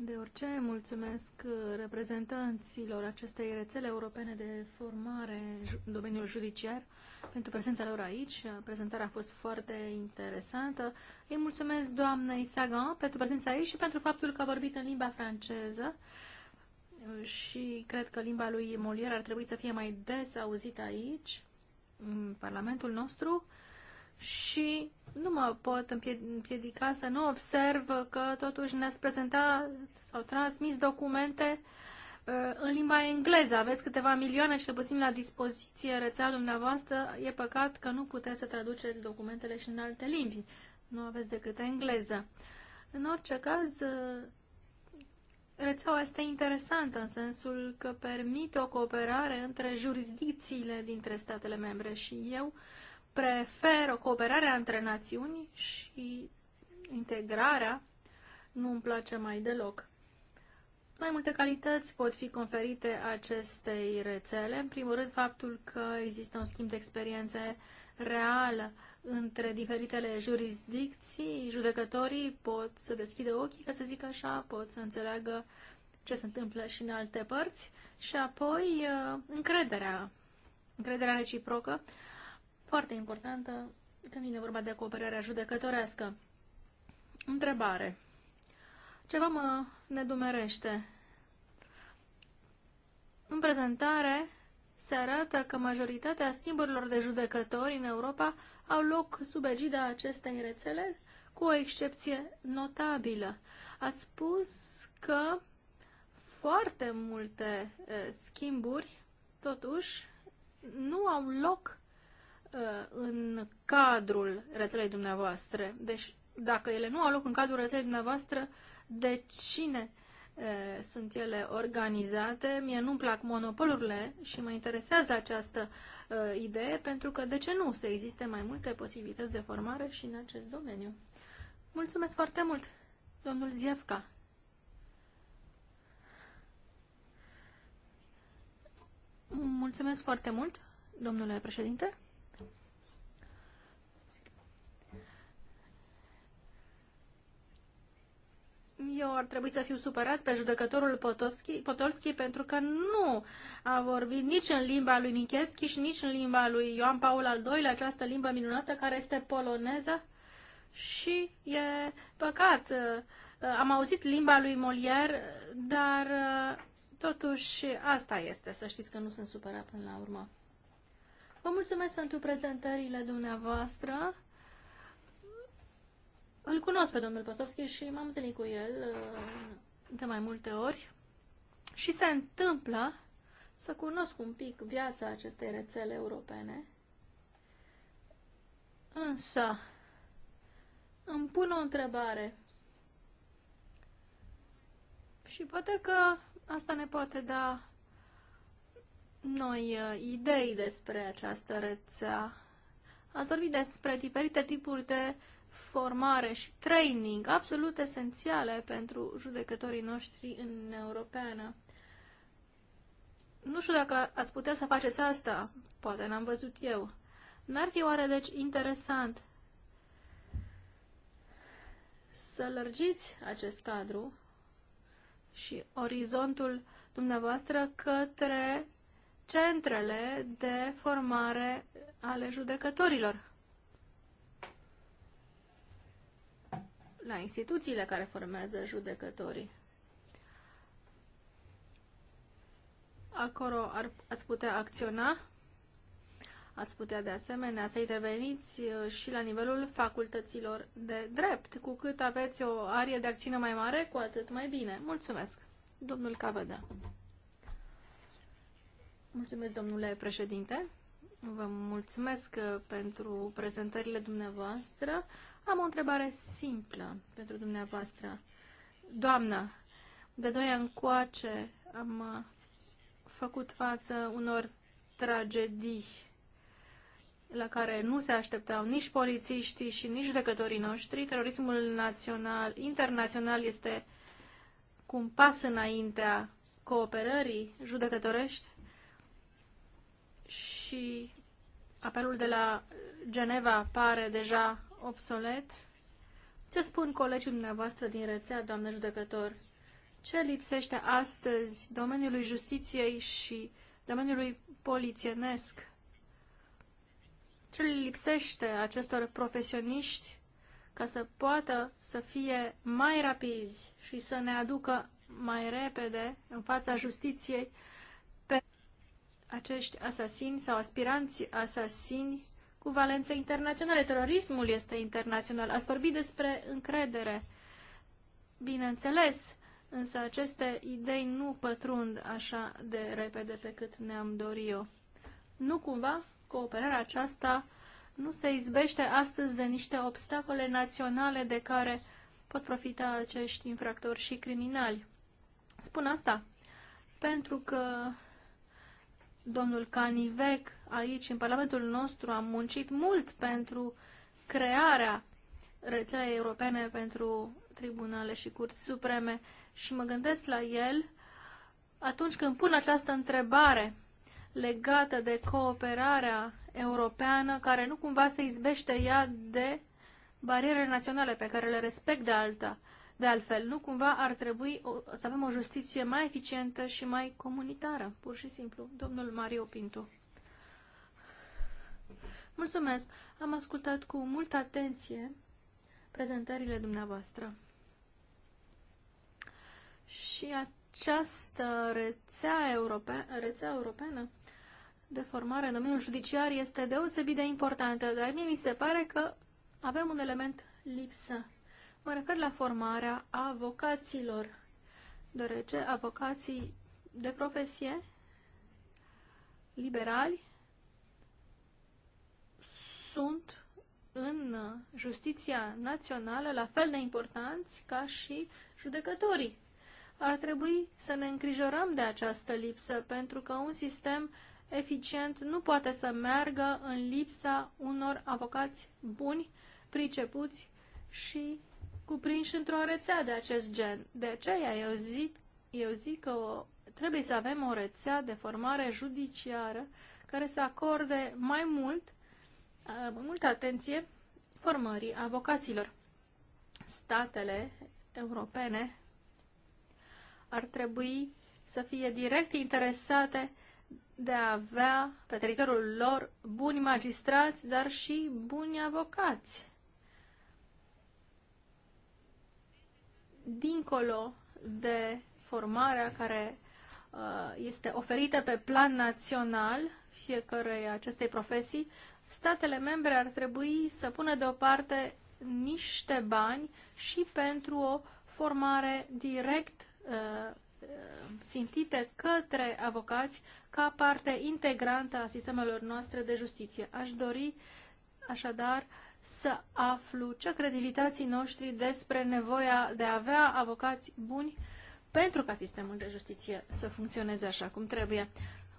de orice. Mulțumesc uh, reprezentanților acestei rețele europene de formare în domeniul judiciar pentru prezența lor aici. Prezentarea a fost foarte interesantă. Îi mulțumesc doamnei Sagan pentru prezența aici și pentru faptul că a vorbit în limba franceză și cred că limba lui Molière ar trebui să fie mai des auzită aici, în Parlamentul nostru și nu mă pot împiedica să nu observ că totuși ne-ați prezentat sau transmis documente uh, în limba engleză. Aveți câteva milioane și puțin la dispoziție rețea dumneavoastră. E păcat că nu puteți să traduceți documentele și în alte limbi. Nu aveți decât engleză. În orice caz, uh, rețeaua este interesantă în sensul că permite o cooperare între jurisdicțiile dintre statele membre și eu uh, prefer cooperarea între națiuni și integrarea nu îmi place mai deloc. Mai multe calități pot fi conferite acestei rețele. În primul rând, faptul că există un schimb de experiențe real între diferitele jurisdicții, judecătorii pot să deschidă ochii, ca să zic așa, pot să înțeleagă ce se întâmplă și în alte părți și apoi uh, încrederea, încrederea reciprocă foarte importantă când vine vorba de cooperarea judecătorească. Întrebare. Ceva mă nedumerește. În prezentare se arată că majoritatea schimburilor de judecători în Europa au loc sub egida acestei rețele, cu o excepție notabilă. Ați spus că foarte multe eh, schimburi, totuși, nu au loc Uh, în cadrul rețelei dumneavoastră. Deci, dacă ele nu au loc în cadrul rețelei dumneavoastră, de cine uh, sunt ele organizate? Mie nu-mi plac monopolurile și mă interesează această uh, idee, pentru că de ce nu să existe mai multe posibilități de formare și în acest domeniu? Mulțumesc foarte mult, domnul Zievca. Mulțumesc foarte mult, domnule președinte. eu ar trebui să fiu supărat pe judecătorul Potoschi, Potolski pentru că nu a vorbit nici în limba lui Micheschi și nici în limba lui Ioan Paul al II-lea, această limbă minunată care este poloneză și e păcat. Uh, am auzit limba lui Molière, dar uh, totuși asta este, să știți că nu sunt supărat până la urmă. Vă mulțumesc pentru prezentările dumneavoastră. Îl cunosc pe domnul Pasovski și m-am întâlnit cu el uh, de mai multe ori și se întâmplă să cunosc un pic viața acestei rețele europene. Însă, îmi pun o întrebare și poate că asta ne poate da noi uh, idei despre această rețea. Ați vorbit despre diferite tipuri de uh, formare și training absolut esențiale pentru judecătorii noștri în Europeană. Nu știu dacă ați putea să faceți asta, poate n-am văzut eu. N-ar fi oare deci interesant să lărgiți acest cadru și orizontul dumneavoastră către centrele de formare ale judecătorilor. la instituțiile care formează judecătorii. Acolo ar, ați putea acționa, ați putea de asemenea să interveniți uh, și la nivelul facultăților de drept. Cu cât aveți o arie de acțiune mai mare, cu atât mai bine. Mulțumesc. Domnul Cavada. Mulțumesc, domnule președinte. Vă mulțumesc uh, pentru prezentările dumneavoastră. Am o întrebare simplă pentru dumneavoastră. Doamnă, de doi ani încoace am uh, făcut față unor tragedii la care nu se așteptau nici polițiștii și nici judecătorii noștri. Terorismul național, internațional este cu un pas înaintea cooperării judecătorești și apelul de la Geneva pare deja obsolet. Ce spun colegii dumneavoastră din rețea, doamnă judecător? Ce lipsește astăzi domeniului justiției și domeniului polițienesc? Ce lipsește acestor profesioniști ca să poată să fie mai rapizi și să ne aducă mai repede în fața justiției pe acești asasini sau aspiranți asasini cu valențe internaționale. Terorismul este internațional. Ați vorbit despre încredere. Bineînțeles, însă aceste idei nu pătrund așa de repede pe cât ne-am dorit eu. Nu cumva cooperarea aceasta nu se izbește astăzi de niște obstacole naționale de care pot profita acești infractori și criminali. Spun asta pentru că domnul Canivec aici, în Parlamentul nostru, a muncit mult pentru crearea rețelei europene pentru tribunale și curți supreme și mă gândesc la el atunci când pun această întrebare legată de cooperarea europeană, care nu cumva se izbește ea de barierele naționale pe care le respect de alta. De altfel, nu cumva ar trebui o, să avem o justiție mai eficientă și mai comunitară, pur și simplu. Domnul Mario Pinto. Mulțumesc! Am ascultat cu multă atenție prezentările dumneavoastră. Și această rețea, europea, rețea europeană de formare în domeniul judiciar este deosebit de importantă, dar mie mi se pare că avem un element lipsă Mă refer la formarea avocaților, deoarece avocații de profesie, liberali, sunt în justiția națională la fel de importanți ca și judecătorii. Ar trebui să ne îngrijorăm de această lipsă, pentru că un sistem eficient nu poate să meargă în lipsa unor avocați buni, pricepuți și cuprinși într-o rețea de acest gen. De aceea eu zic, eu zic că o, trebuie să avem o rețea de formare judiciară care să acorde mai mult, mai multă atenție formării avocaților. Statele europene ar trebui să fie direct interesate de a avea pe teritoriul lor buni magistrați, dar și buni avocați. dincolo de formarea care uh, este oferită pe plan național fiecărei acestei profesii, statele membre ar trebui să pună deoparte niște bani și pentru o formare direct uh, uh, țintite către avocați ca parte integrantă a sistemelor noastre de justiție. Aș dori așadar să aflu ce cred invitații noștri despre nevoia de a avea avocați buni pentru ca sistemul de justiție să funcționeze așa cum trebuie.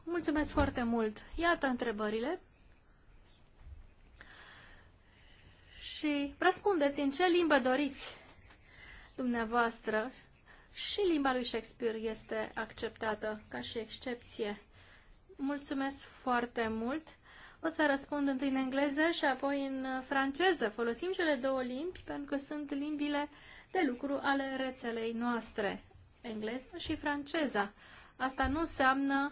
Mulțumesc foarte mult! Iată întrebările și răspundeți în ce limbă doriți dumneavoastră și limba lui Shakespeare este acceptată ca și excepție. Mulțumesc foarte mult! O să răspund întâi în engleză și apoi în franceză. Folosim cele două limbi pentru că sunt limbile de lucru ale rețelei noastre, engleză și franceza. Asta nu înseamnă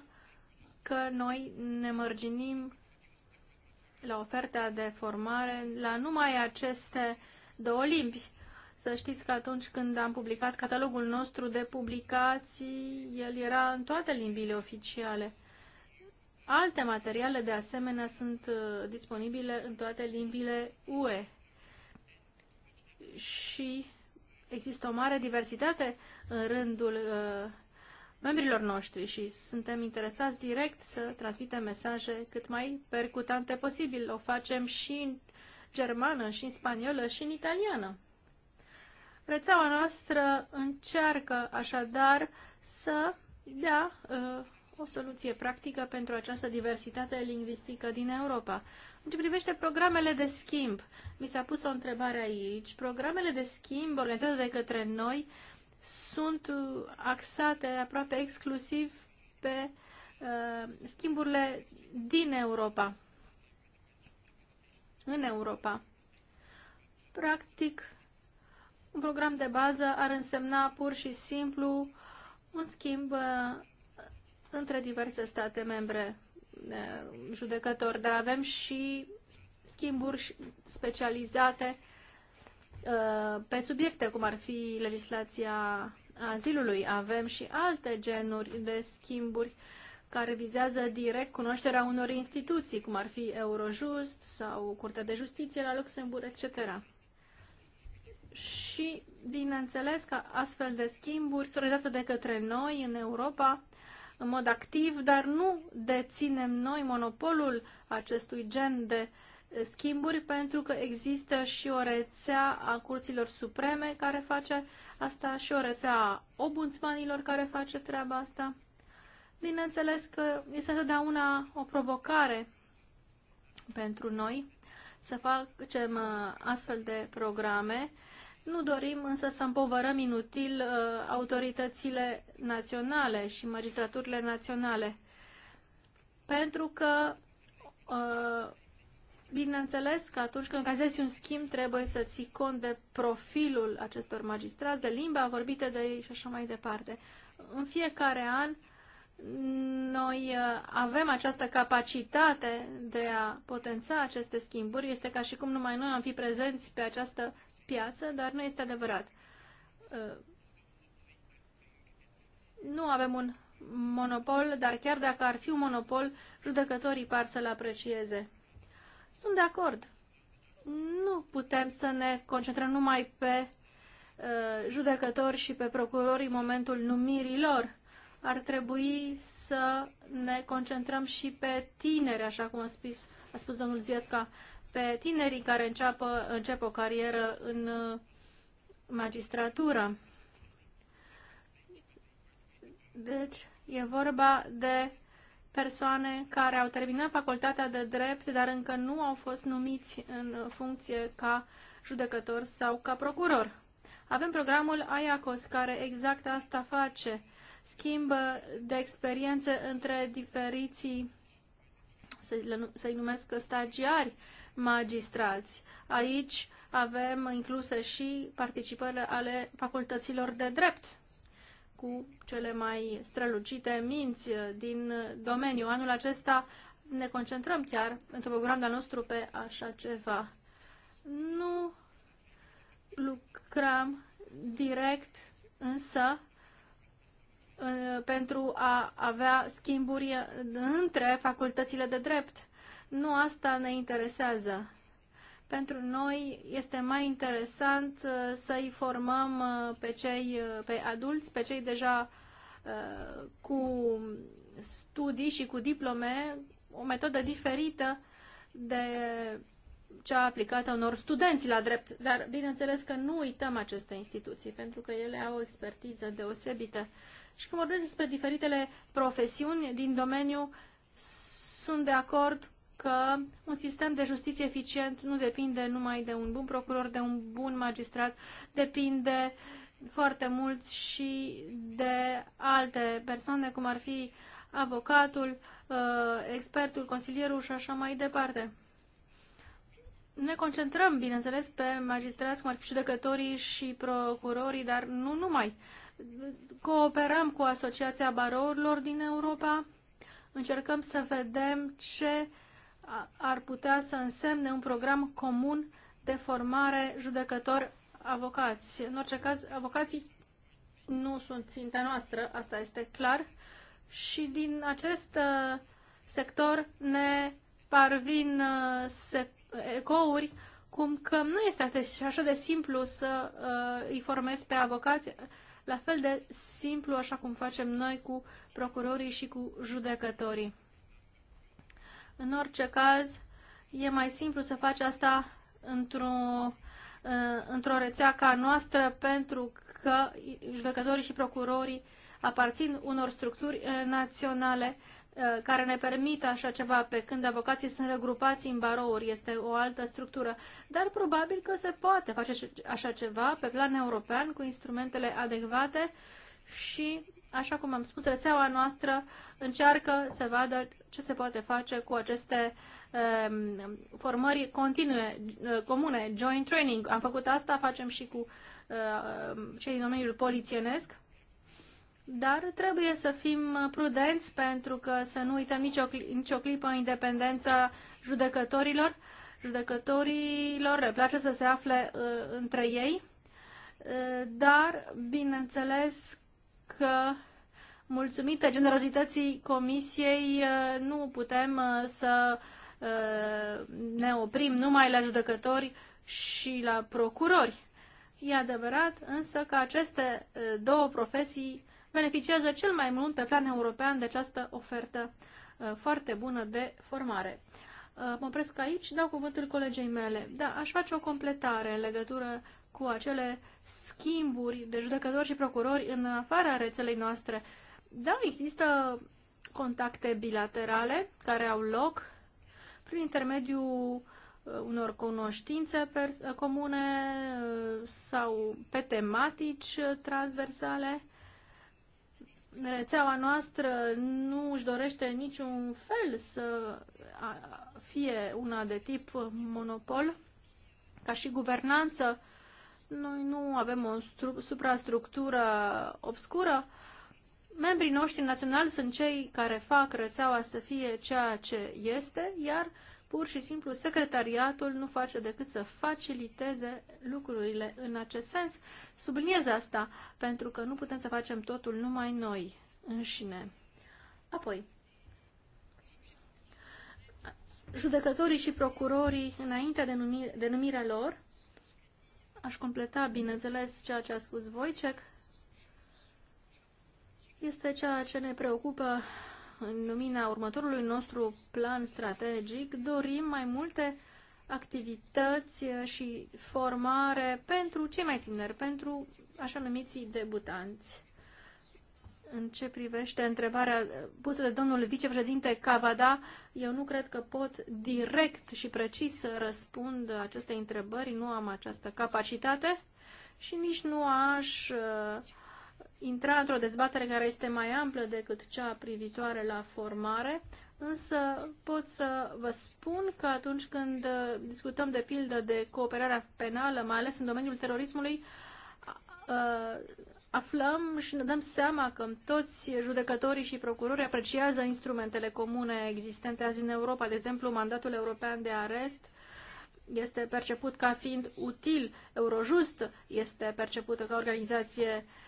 că noi ne mărginim la oferta de formare la numai aceste două limbi. Să știți că atunci când am publicat catalogul nostru de publicații, el era în toate limbile oficiale. Alte materiale, de asemenea, sunt uh, disponibile în toate limbile UE și există o mare diversitate în rândul uh, membrilor noștri și suntem interesați direct să transmitem mesaje cât mai percutante posibil. O facem și în germană, și în spaniolă, și în italiană. Rețeaua noastră încearcă așadar să dea uh, o soluție practică pentru această diversitate lingvistică din Europa. În ce privește programele de schimb, mi s-a pus o întrebare aici. Programele de schimb organizate de către noi sunt uh, axate aproape exclusiv pe uh, schimburile din Europa, în Europa. Practic, un program de bază ar însemna pur și simplu un schimb uh, între diverse state membre eh, judecători, dar avem și schimburi specializate eh, pe subiecte, cum ar fi legislația azilului. Avem și alte genuri de schimburi care vizează direct cunoașterea unor instituții, cum ar fi Eurojust sau Curtea de Justiție la Luxemburg, etc. Și, bineînțeles, că astfel de schimburi realizate de către noi în Europa în mod activ, dar nu deținem noi monopolul acestui gen de schimburi pentru că există și o rețea a curților supreme care face asta și o rețea a obunțmanilor care face treaba asta. Bineînțeles că este întotdeauna o provocare pentru noi să facem uh, astfel de programe nu dorim însă să împovărăm inutil uh, autoritățile naționale și magistraturile naționale, pentru că uh, Bineînțeles că atunci când cazezi un schimb, trebuie să ții cont de profilul acestor magistrați, de limba vorbită de ei și așa mai departe. În fiecare an, noi uh, avem această capacitate de a potența aceste schimburi. Este ca și cum numai noi am fi prezenți pe această piață, dar nu este adevărat. Uh, nu avem un monopol, dar chiar dacă ar fi un monopol, judecătorii par să-l aprecieze. Sunt de acord. Nu putem să ne concentrăm numai pe uh, judecători și pe procurori în momentul lor. Ar trebui să ne concentrăm și pe tineri, așa cum a spus, a spus domnul Ziesca, pe tinerii care înceapă, încep o carieră în uh, magistratură. Deci, e vorba de persoane care au terminat facultatea de drept, dar încă nu au fost numiți în funcție ca judecător sau ca procuror. Avem programul IACOS, care exact asta face. Schimbă de experiențe între diferiții, să-i numesc stagiari, magistrați. Aici avem incluse și participările ale facultăților de drept cu cele mai strălucite minți din domeniu. Anul acesta ne concentrăm chiar într-un program de nostru pe așa ceva. Nu lucrăm direct, însă pentru a avea schimburi între facultățile de drept. Nu asta ne interesează. Pentru noi este mai interesant uh, să-i formăm uh, pe cei, uh, pe adulți, pe cei deja cu studii și cu diplome, o metodă diferită de cea aplicată unor studenți la drept, dar bineînțeles că nu uităm aceste instituții, pentru că ele au o expertiză deosebită. Și când vorbesc despre diferitele profesiuni din domeniu, sunt de acord că un sistem de justiție eficient nu depinde numai de un bun procuror, de un bun magistrat, depinde foarte mult și de alte persoane, cum ar fi avocatul, uh, expertul, consilierul și așa mai departe. Ne concentrăm, bineînțeles, pe magistrați, cum ar fi judecătorii și procurorii, dar nu numai. Cooperăm cu Asociația Barourilor din Europa, încercăm să vedem ce ar putea să însemne un program comun de formare judecători-avocați. În orice caz, avocații nu sunt ținta noastră, asta este clar, și din acest uh, sector ne parvin uh, ecouri cum că nu este așa de simplu să uh, îi formezi pe avocați, la fel de simplu așa cum facem noi cu procurorii și cu judecătorii. În orice caz, e mai simplu să faci asta într-o uh, într-o rețea ca noastră pentru că judecătorii și procurorii aparțin unor structuri uh, naționale uh, care ne permit așa ceva pe când avocații sunt regrupați în barouri, este o altă structură. Dar probabil că se poate face așa ceva pe plan european cu instrumentele adecvate și, așa cum am spus, rețeaua noastră încearcă să vadă ce se poate face cu aceste ehm, formări continue, eh, comune, joint training. Am făcut asta, facem și cu uh, cei din domeniul polițienesc, dar trebuie să fim prudenți pentru că să nu uităm nicio, nicio clipă independența judecătorilor. Judecătorilor le place să se afle uh, între ei, uh, dar bineînțeles că mulțumită generozității comisiei, uh, nu putem uh, să uh, ne oprim numai la judecători și la procurori. E adevărat însă că aceste două profesii beneficiază cel mai mult pe plan european de această ofertă foarte bună de formare. Mă opresc aici, dau cuvântul colegei mele. Da, aș face o completare în legătură cu acele schimburi de judecători și procurori în afara rețelei noastre da, există contacte bilaterale care au loc prin intermediul uh, unor cunoștințe uh, comune uh, sau pe tematici transversale. Rețeaua noastră nu își dorește niciun fel să fie una de tip monopol. Ca și guvernanță, noi nu avem o suprastructură obscură, membrii noștri naționali sunt cei care fac rețeaua să fie ceea ce este, iar pur și simplu secretariatul nu face decât să faciliteze lucrurile în acest sens. Subliniez asta pentru că nu putem să facem totul numai noi înșine. Apoi, judecătorii și procurorii, înainte de, numire, de numirea lor, aș completa, bineînțeles, ceea ce a spus Voicec, este ceea ce ne preocupă în lumina următorului nostru plan strategic. Dorim mai multe activități și formare pentru cei mai tineri, pentru așa numiții debutanți. În ce privește întrebarea pusă de domnul vicepreședinte Cavada, eu nu cred că pot direct și precis să răspund aceste întrebări, nu am această capacitate și nici nu aș uh, intra într-o dezbatere care este mai amplă decât cea privitoare la formare, însă pot să vă spun că atunci când uh, discutăm de pildă de cooperarea penală, mai ales în domeniul terorismului, uh, aflăm și ne dăm seama că toți judecătorii și procurorii apreciază instrumentele comune existente azi în Europa, de exemplu mandatul european de arest, este perceput ca fiind util, Eurojust este percepută ca organizație uh,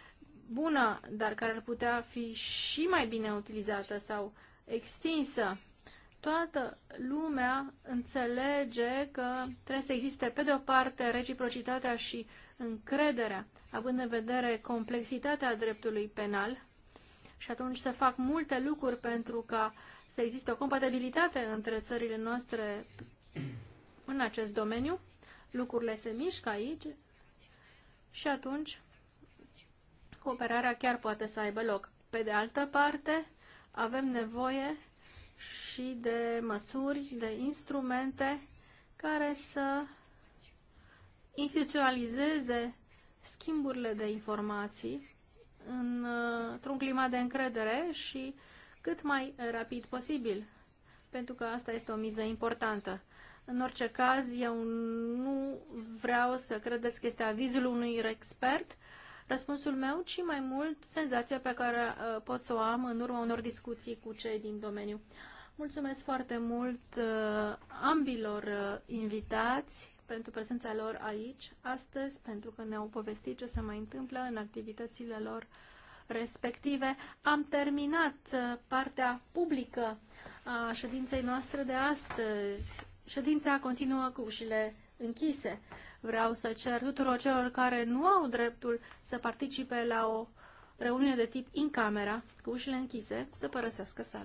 bună, dar care ar putea fi și mai bine utilizată sau extinsă. Toată lumea înțelege că trebuie să existe, pe de o parte, reciprocitatea și încrederea, având în vedere complexitatea dreptului penal, și atunci se fac multe lucruri pentru ca să existe o compatibilitate între țările noastre în acest domeniu. Lucrurile se mișcă aici și atunci cooperarea chiar poate să aibă loc. Pe de altă parte, avem nevoie și de măsuri, de instrumente care să instituționalizeze schimburile de informații într-un climat de încredere și cât mai rapid posibil, pentru că asta este o miză importantă. În orice caz, eu nu vreau să credeți că este avizul unui expert, răspunsul meu, ci mai mult senzația pe care uh, pot să o am în urma unor discuții cu cei din domeniu. Mulțumesc foarte mult uh, ambilor uh, invitați pentru prezența lor aici astăzi, pentru că ne-au povestit ce se mai întâmplă în activitățile lor respective. Am terminat partea publică a ședinței noastre de astăzi. Ședința continuă cu ușile închise. Vreau să cer tuturor celor care nu au dreptul să participe la o reuniune de tip în camera, cu ușile închise, să părăsească sala.